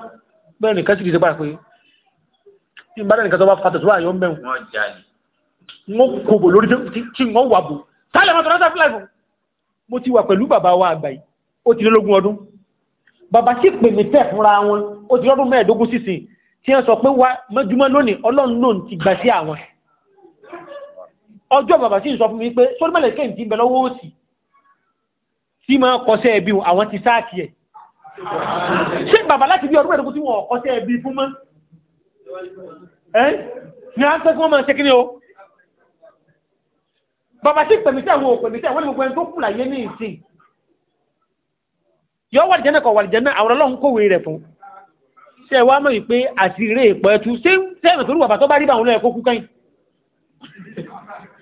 bẹ́ẹ̀ nìkan sì kì í ṣe báyìí pé tí n bá dẹnìkan tó bá fa tẹsíwá àyọ mẹun. wọn jà ní. n kò bò lórí tí n wà bò táyà máa tọ́lá sáfìlà fún. mo ti wà pẹ̀lú bàbá wa àgbà yìí ó ti lélógún ọdún bàbá sì pè mí tẹ̀ fúnra wọn ó ti lọ́dún mẹ́ẹ̀ẹ́dógún sísìn tí wọ́n sọ pé wá mẹ́júmọ́ lónìí ọlọ́run ló ń ti gbà sí àwọn. ọjọ́ bàbá sì ń sọ fún mi pé sọ́dún kéǹtì ń bẹ lọ́wọ́ òsì tí máa kọsẹ́ ẹbí àwọn ti sáàkì ẹ̀ ṣé bàbá láti bí ọdún ẹ̀dùkú tí wọ́n ọ̀kọ́ sí ẹbí fún mọ́ ẹ́ ni a ń tẹ́ kí wọ́n máa ṣe kí ni o bàbá sí pẹ̀mìtì àwọn òpèmìtì àwọn ìgbogbo ẹni tó kù láyé ní ìsìn yọ wàlìjẹ́ náà kọ̀ wàlìjẹ́ náà àwọn ọlọ́run kòwé rẹ̀ fún ṣe wá mọ̀ wípé àti ìrè ìpọ̀ ẹ̀tù ṣé ṣé ẹ̀mẹ̀ tó rú bàbá tó bá rí bàwọn olóyè kó kú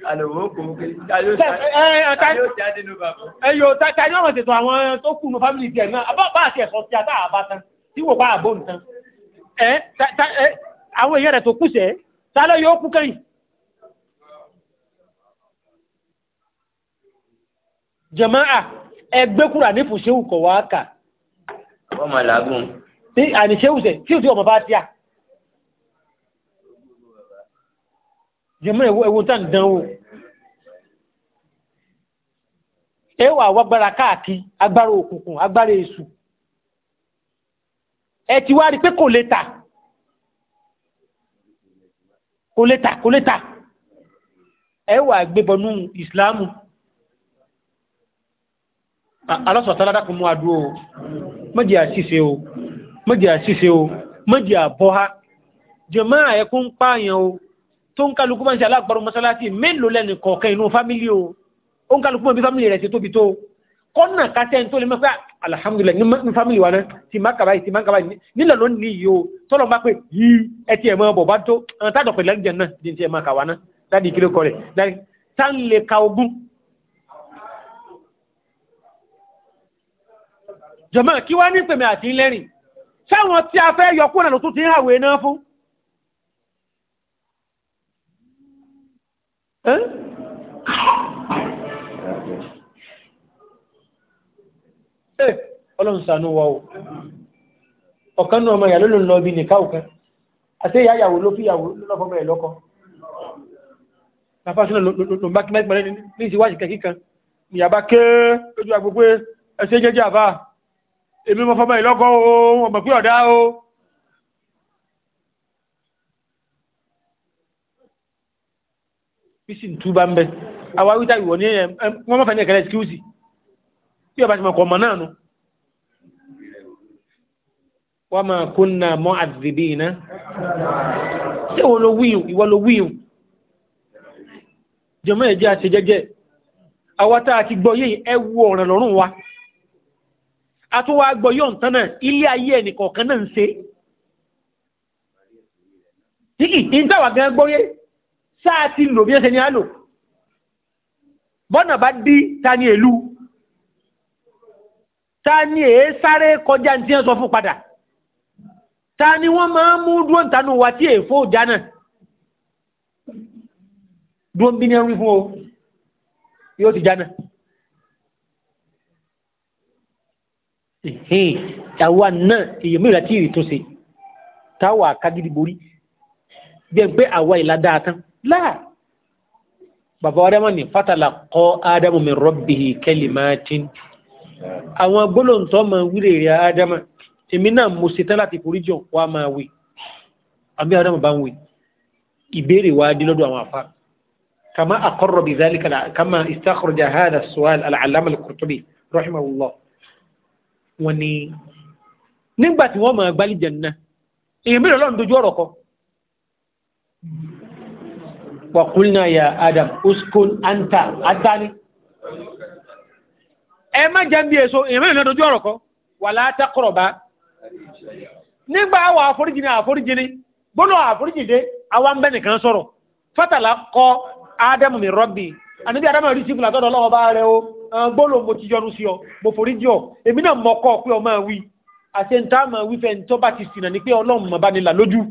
Ẹyọ tàbí ọmọ ṣètò àwọn tó kù ní fámìlì tiẹ̀ náà, bá àti ẹ̀sọ́ ti a àbá tán, tí wò bá àbó nìtán. Ẹ àwọn èèyàn rẹ̀ tó kù sẹ́, tálọ́ yóò kú kẹ́yìn. Jàmáà ẹgbẹ́ kúrà ní fùṣẹ́wù kọ̀ wá kà. Wọ́n máa làágùn. Àníṣẹ́wù sẹ́, tí ò tí ọmọ bá tíà. jẹmọ́ ẹwọ tán dánwò ẹwà wọ́gbára káàkiri agbára òkùnkùn agbára èṣù ẹ ti wá rí pé kò lè tà kò lè tà kò lè tà ẹwà gbébọnú ìsìláàmù alọ́sọ̀tà ládàkùn mú adúró mọ́jì àṣìṣe o mọ́jì àṣìṣe o mọ́jì àbọ́há jẹmọ́ ẹ̀kún pààyàn o tó ń kálukú máa ń ṣe alágbàrú mọ́sálásí mélòó lẹ́nu kọ̀ọ̀kan inú fámílì o ó ń kálukú máa bí fámílì rẹ̀ ṣe tóbi tó kọ́nà kásẹ̀ tó lè mọ́ pé ah, alhamdulilayi ní fámílì wa náà ti má kaba yìí ti má kaba yìí nílẹ̀ ló ní yìí o tọ́lọ̀ bá pé yìí ẹ ti ẹ̀ mọ́ bọ̀ bá tó ẹ̀ tá dọ̀pẹ̀ lẹ́gbẹ̀ẹ́ náà di ti ẹ̀ má kàwa náà láti ìkílẹ̀ kọ́ ẹ́ eh, ọlọ́run sànú wa o ọ̀kan náà ọmọ ìyàló ló ń lọ ibi nìka òkan àti ìyá ìyàwó ló fíyàwó lọ́fọ́mọ ẹ̀ lọ́kọ bàbá sínú ló ń bá kíkẹ́ pẹ̀lẹ́ ní ìsíwájú kẹ́kí kan ìyàbá ké lójú agbègbè ẹsẹ̀ jẹ́jẹ́ àbá èmi mọ́fọ́mọ ìlọ́kọ o ọmọ pé ọ̀dá o bísí ń túbà ń bẹ àwa wíta ìwọ ní ẹyẹ wọn mọfà ní ẹkẹlẹ ẹsikúùsì tí wa ma kunna mu'adhibina ṣé ìwọ ló wíyùn ìwọ ló wíyùn jọmọ ẹ jẹ àti a ti gbọ́ yìí ẹ wú wa àtúwà ili yóò tán náà ilé ayé ẹnìkọ̀ọ̀kan náà ń ṣe. gan sáà ti lò bí ẹ́ ṣe ní àlò bọ́nà bá dí ta ni èlú ta ni èé sáré kọjá tí ẹ́ sọ fún padà ta ni wọ́n máa mú dúró ìtanú wa tí èèfó jánà dúró ń bí ní ẹrú fún o yóò ti jánà ìhìn náà èyí mìíràn tí ìrìtúnṣe táwa kágídí borí jẹ́ pé àwa ìlà dáa tán láà bàbá ọ̀rẹ́mọ̀ ní fatala kọ́ ádámù min rabbihi kalimatin àwọn gbólóǹtọ́ máa wílé rẹ̀ ádámù èmi náà mo ṣe tán láti forí jọ wá máa wí àbí ádámù bá ń wí ìbéèrè wá dé lọ́dọ̀ àwọn afá kama aqarra bi dhalika kama istakhraja hadha as-su'al al-allama al rahimahullah wọ́n ní nígbà tí wọ́n máa gbálí janna èèyàn mélòó lọ́n dojú ọ̀rọ̀ kọ وقلنا ya adam اسكن anta الثاني ẹ má jẹ́bi èso ìrìn ìrìn dojú ọ̀rọ̀ kan wà látàkọ̀rọ̀bá nígbà àwọ̀ àforíjìní àforíjìní gbọ́nà àforíjìdé àwọn ń bẹ́ nìkan sọ̀rọ̀ fátàlá kọ́ ádámù mi rọ́bì àníbi ádámù rí sífù látọ̀dọ̀ lọ́wọ́ bá rẹ o gbọ́nà mo ti yọnu sí ọ mo forí jì ọ èmi náà mọ̀ kọ́ pé ọmọ wí àti ẹ̀ńtà máa wí fẹ́ ń bá ti sìnà ní pé ọlọ́run mọ̀ bá nílà lójú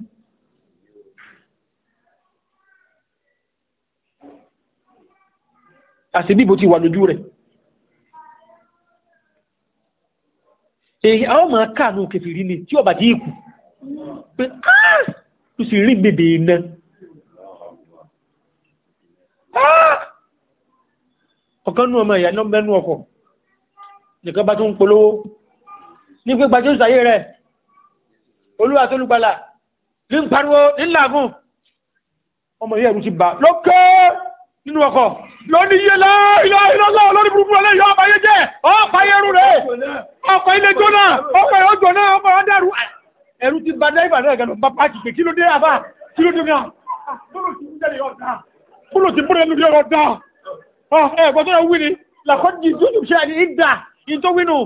àti bíbo ti wà lójú rẹ̀ èyí àwọn máa káànù kẹfìrí ni tí ọba jí ìkù pé ah! ó sì rí bèbè iná ah! ọ̀kan nú ọmọ ìyá náà mẹ́nu ọkọ̀ nìkan bá tún ń polówó ní pé gbajúmọ̀ sàyé rẹ̀ olúwa tó lùgbàlà ní ń pariwo ní làágùn ọmọ ìyá ẹ̀rù ti bà lókè nínú ọkọ̀ lóní yé láìláìlọ́lọ́ lórí burúkú ọlẹ́ yọ ọba yé jẹ́ ọ̀pá ẹrú rẹ̀ ọkọ̀ ilé jóná ọkọ̀ ẹ̀rọ jóná ọkọ̀ ẹ̀rọ dẹ̀rú ẹ̀rú ti ba dáìbà náà gẹ̀nà bá pàákì pé kí ló dé àbá kí ló dé mi à kúrò tí múrẹ̀ lórí ọ̀rọ̀ dáa ẹ̀gbọ́n tó yẹ wí ni làkọ́jì tó tún ṣe àní ìdá ìtọ́wínú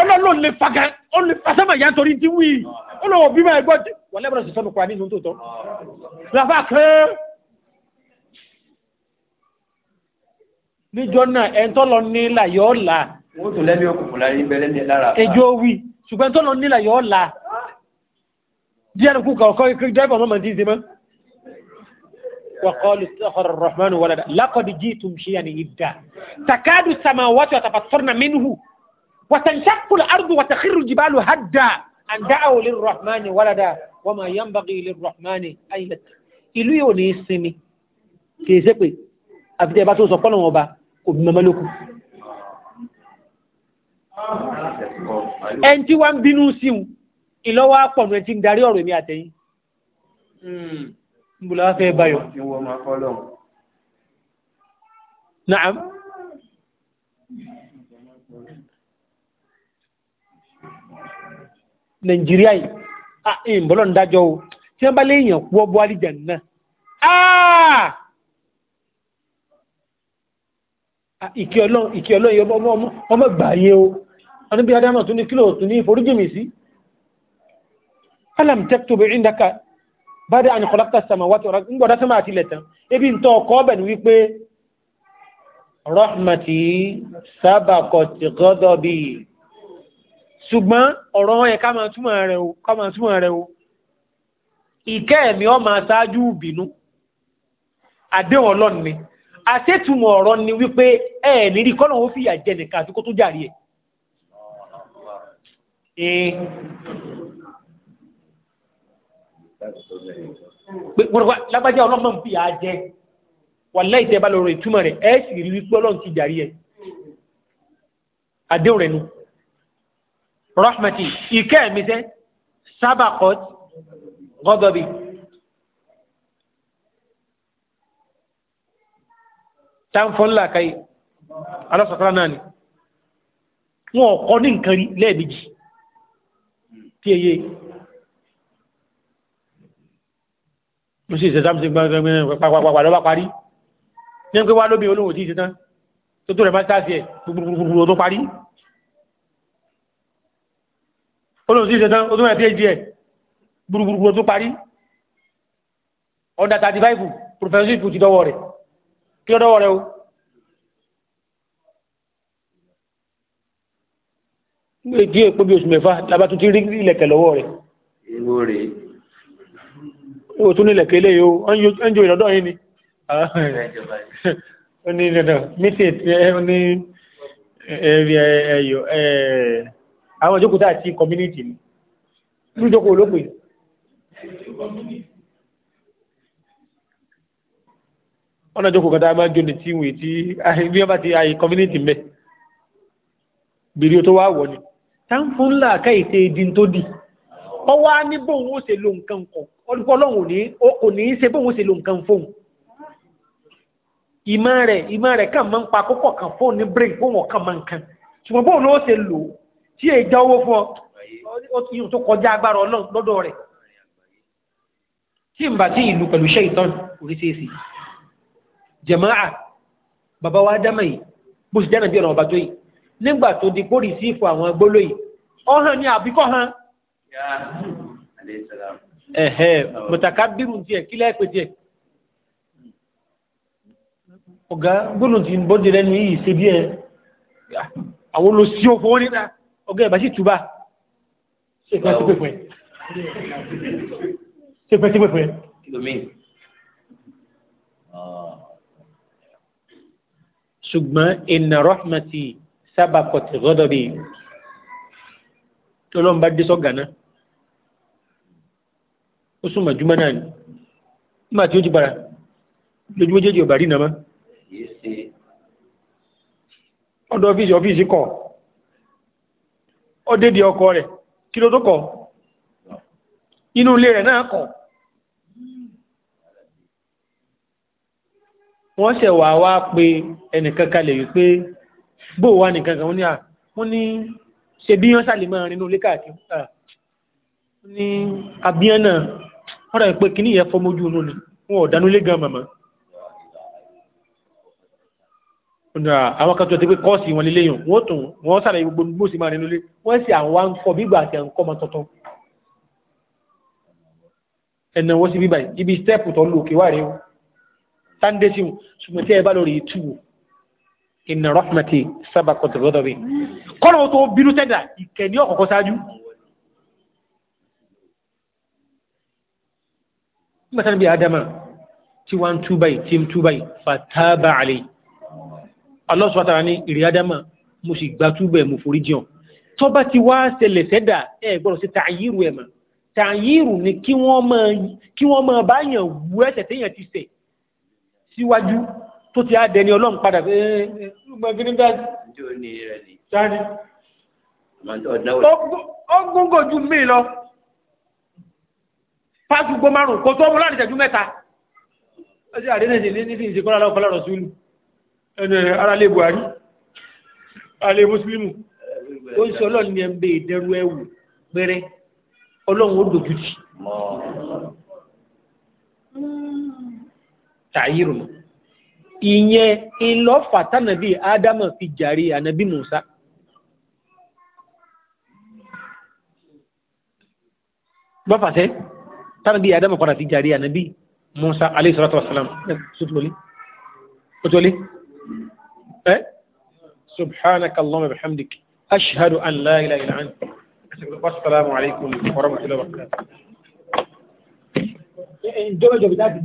ọlọ́lọ́ lè fagẹ́ ó lè fàṣẹ́mà ìyá nítorí ti wí ọlọ́wọ́ bí máa ẹgbọ́n wọlé bọ́lá sì sọ́nù kọ́ àní ìlú tó tọ́ níjọ́ náà ẹ̀ńtọ́ lọ nílà yọ́ là. wọ́n tún lẹ́mí òkùnkùn láyé bẹ́lẹ́ ní lára. ẹjọ́ wí ṣùgbọ́n ẹ̀ńtọ́ lọ nílà yọ́ là. díẹ̀ nìkú kọ̀ọ̀kọ́ dẹ́gbẹ̀ ọmọ màdí ìdè mọ́. وقالوا استغفر الرحمن ولدا لقد جئتم شيئا إدا تكاد السماوات يتفطرن منه وتنشق الأرض وتخر الجبال هدا أن دعوا للرحمن ولدا وما ينبغي للرحمن أن يت... ìlú yóò ní sinmi kì í ṣe pé àfitẹ́ ìbá tó sọ pọ́nà wọn ọba òbí mọ́mọ́ lókù. ẹni tí wọ́n ń bínú sí un ìlọ́wọ́ àpọ̀nù ẹ ti ń darí ọ̀rọ̀ èmi àtẹ̀yìn. ń bùlọ́ fẹ́ báyọ̀. Naam. Nàìjíríà yìí, à ń ń dájọ́ o, tí wọ́n bá léèyàn kú bọ́ àlìjà náà. ìkí ọlọ́run ìkí ọlọ́run yọ ọmọ gbàáyé o ọdún bí adámọ̀ tún ní kílò tún ní ìforíjìmì sí alam tẹ́kítọ̀ bẹ̀rẹ̀ ìdáka bá dé àníkọ̀lápítà sàmà wá tọ̀rọ̀ ń gbọ́dá sàmà àti ilẹ̀tàn ebi ń tọ́ ọkọ̀ ọbẹ̀ ní wípé rahmati sábàkọ̀ ti gọ́dọ̀ bí ṣùgbọ́n ọ̀rọ̀ ẹ̀ ká máa túmọ̀ rẹ̀ o ìkẹ́ ẹ̀mí ọ ṣáájú ìbínú àdéhùn ọlọ́run àṣètumọ̀ ọ̀rọ̀ ni wípé ẹ nírí kọ́nà ó fìyà jẹ nìkan àti kó tó jàrí ẹ̀. lágbájá ọlọ́mọ ń fìyà jẹ wàláhì tẹ́ bá lọ́rọ̀ ìtumọ̀ rẹ̀ ẹ sì rí wípé ọlọ́run ti jàrí ẹ̀. àdéhùn rẹ̀ nu rahmati ìkẹ́ mi sẹ́ sábàkọ́t gọ́dọ̀bì. ṣáǹfọ́n làkàyè alásọ̀kọ́lá náà ni wọn ọ̀kọ́ ní nǹkan rí lẹ́ẹ̀mejì tí eye mo sì ṣe sáàmù sí pàpàpàpà lọ́wọ́ parí ní pé wá lóbi olóhùn tí ì ṣe tán tó tó rẹ̀ bá sáàsì ẹ̀ gbogbogbò tó parí olóhùn o ì ṣe tán ó tó rẹ̀ phd ẹ̀ gbogbogbò tó parí ọ̀dà 35 professorship ti dọ́wọ́ rẹ̀ kí ló dọ́wọ́ rẹ o. nígbà tí èèpọ̀ bí oṣù mẹ́fà labatu ti rí ilẹ̀kẹ̀ lọ́wọ́ rẹ̀. ìwọ rẹ̀. ìwọ tún ní ilẹ̀kẹ̀ eléyìí o ẹ̀ anjo jo ìrọ̀dọ́ yín ni. ó ní dandan mítì ẹ ó ní ẹyọ àwọn ìjókòó tá a ti community ni. ní ìjókòó ló pè ọ̀nà ìjókòó kan tá a máa ń jó ni tí ìwé tí bí wọ́n bá ti ayé community mẹ́ bèrè tó wá wọ̀ ni táǹfù ńlá káyìíṣe ìdí tó dì ọwọ́ á ní bóun ó ṣe lo nǹkan kan olùkọ́ ọlọ́run kò ní í ṣe bóun ó ṣe lo nǹkan fóun ìmọ̀ rẹ̀ ìmọ̀ rẹ̀ kàn máa ń pa kókò kan fóun ní break fóun ọ̀kan máa ń kan ṣùgbọ́n bóun ló ṣe lò tí èyí já owó fún ọ ó tó kọjá agbára ọlọ́run rẹ̀ tí n ìlú pẹ̀lú iṣẹ́ ìtọ́nù oríṣiríṣi jẹ̀máà bàbá wa dámà yìí bó ṣe dáná bí ọ̀nà ọba tó yìí nígbà tó di kórì sí ìfọ̀ àwọn gbóló yìí ọ̀hàn ni àbíkọ́ hàn. ẹ̀hẹ́ mùtàkà bírù tiẹ̀ kílẹ̀ pé tiẹ̀. ọ̀gá gbóló ti ń bọ́dé lẹ́nu yìí ṣe bí ẹ̀ àwọn olùsí òfò nígbà ọ̀gá ẹ̀ bá sì túbà ṣe pẹ́ sí pẹ́pẹ́ ṣe pẹ́ sí pẹ́pẹ́. ṣùgbọ́n inna rahmati sabaqat ghadabi tọ́lọ́n bá dé sọ́gà náà ó súnmọ̀ jùmọ́ náà ni nígbà tí ó ti bára lójú méjèèjì ọ̀bà rí nàmá ọ̀dọ̀ ọ́fíìsì ọ́fíìsì kọ̀ ọ́ dédìí ọkọ rẹ̀ kí ló tó kọ̀ inú ilé rẹ̀ náà kọ̀ wọ́n ṣẹ̀ wá wá pé ẹnìkan kalẹ̀ wípé bó wà nìkan kan wọ́n ní à wọ́n ní ṣe bí wọ́n ṣàlè máa rìn ní olé káàkiri wọ́n ní abíyán náà wọ́n rẹ̀ pé kíní yẹn fọmójú inú ni wọn ò dánú lé gan màmá. àwọn kan tó ti pé kọ́ọ̀sì wọn lélẹ́yìn wọ́n tún wọ́n ṣàlàyé gbogbo bó sì máa rìn ní wọ́n sì àwọn ń kọ́ bígbà àti àǹkọ́ máa tọ̀tọ̀ ẹ̀nà wọ́n sì bíbà ibi stẹ́ẹ̀pù tó lù òkè wà rèé o sunday sí ṣùgbọ́n tí ẹ bá lórí ìtúwò inna rahmati sabaqat ghadabi kọ́nà tó bínú tẹ́dà ìkẹ́ ní ọ̀kọ̀kọ́ ṣáájú. nígbà tí wọ́n adama tí wọ́n ń túbà yìí tí ń túbà yìí fataba alayhi Allah subhanahu wa ta'ala ní ìrì adama mo sì gba túbẹ̀ mo forí jìn tó bá ti wá ṣẹlẹ̀ sẹ́dà ẹ gbọ́dọ̀ ni kí wọ́n máa bá yàn wú ẹ̀ṣẹ̀ téèyàn ti ṣẹ̀ síwájú tó ti á dẹni ọlọ́run padà pé ọgbọ́ngọ̀ eh, eh, ju mí lọ fásitì márùn kò tó ọmọ láti tẹ̀jú mẹ́ta ọjọ́ àdínẹ́sì ní sí ìsìnkọ́lá lọ́wọ́ fọlọ́rọ̀ sí ẹnu ara lè Buhari alẹ́ mùsùlùmù ó ń sọ ọlọ́run ní ẹgbẹ́ ìdẹrù ẹwù pẹ́rẹ́ ọlọ́run ó dòkútì tàyírù nù ìyẹn ìlọ́fà tánàbí ádámà fi jàre ànábì Mùsá. gbọ́fàṣẹ́ tánàbí ádámà padà fi jàre ànábì Mùsá alayhi salatu wassalam sotolí sotolí ẹ subhanaka allahumma bihamdik ashhadu an la ilaha illa anta assalamu alaikum wa rahmatullahi wa barakatuh. ìjọba ìjọba ìdáàbò.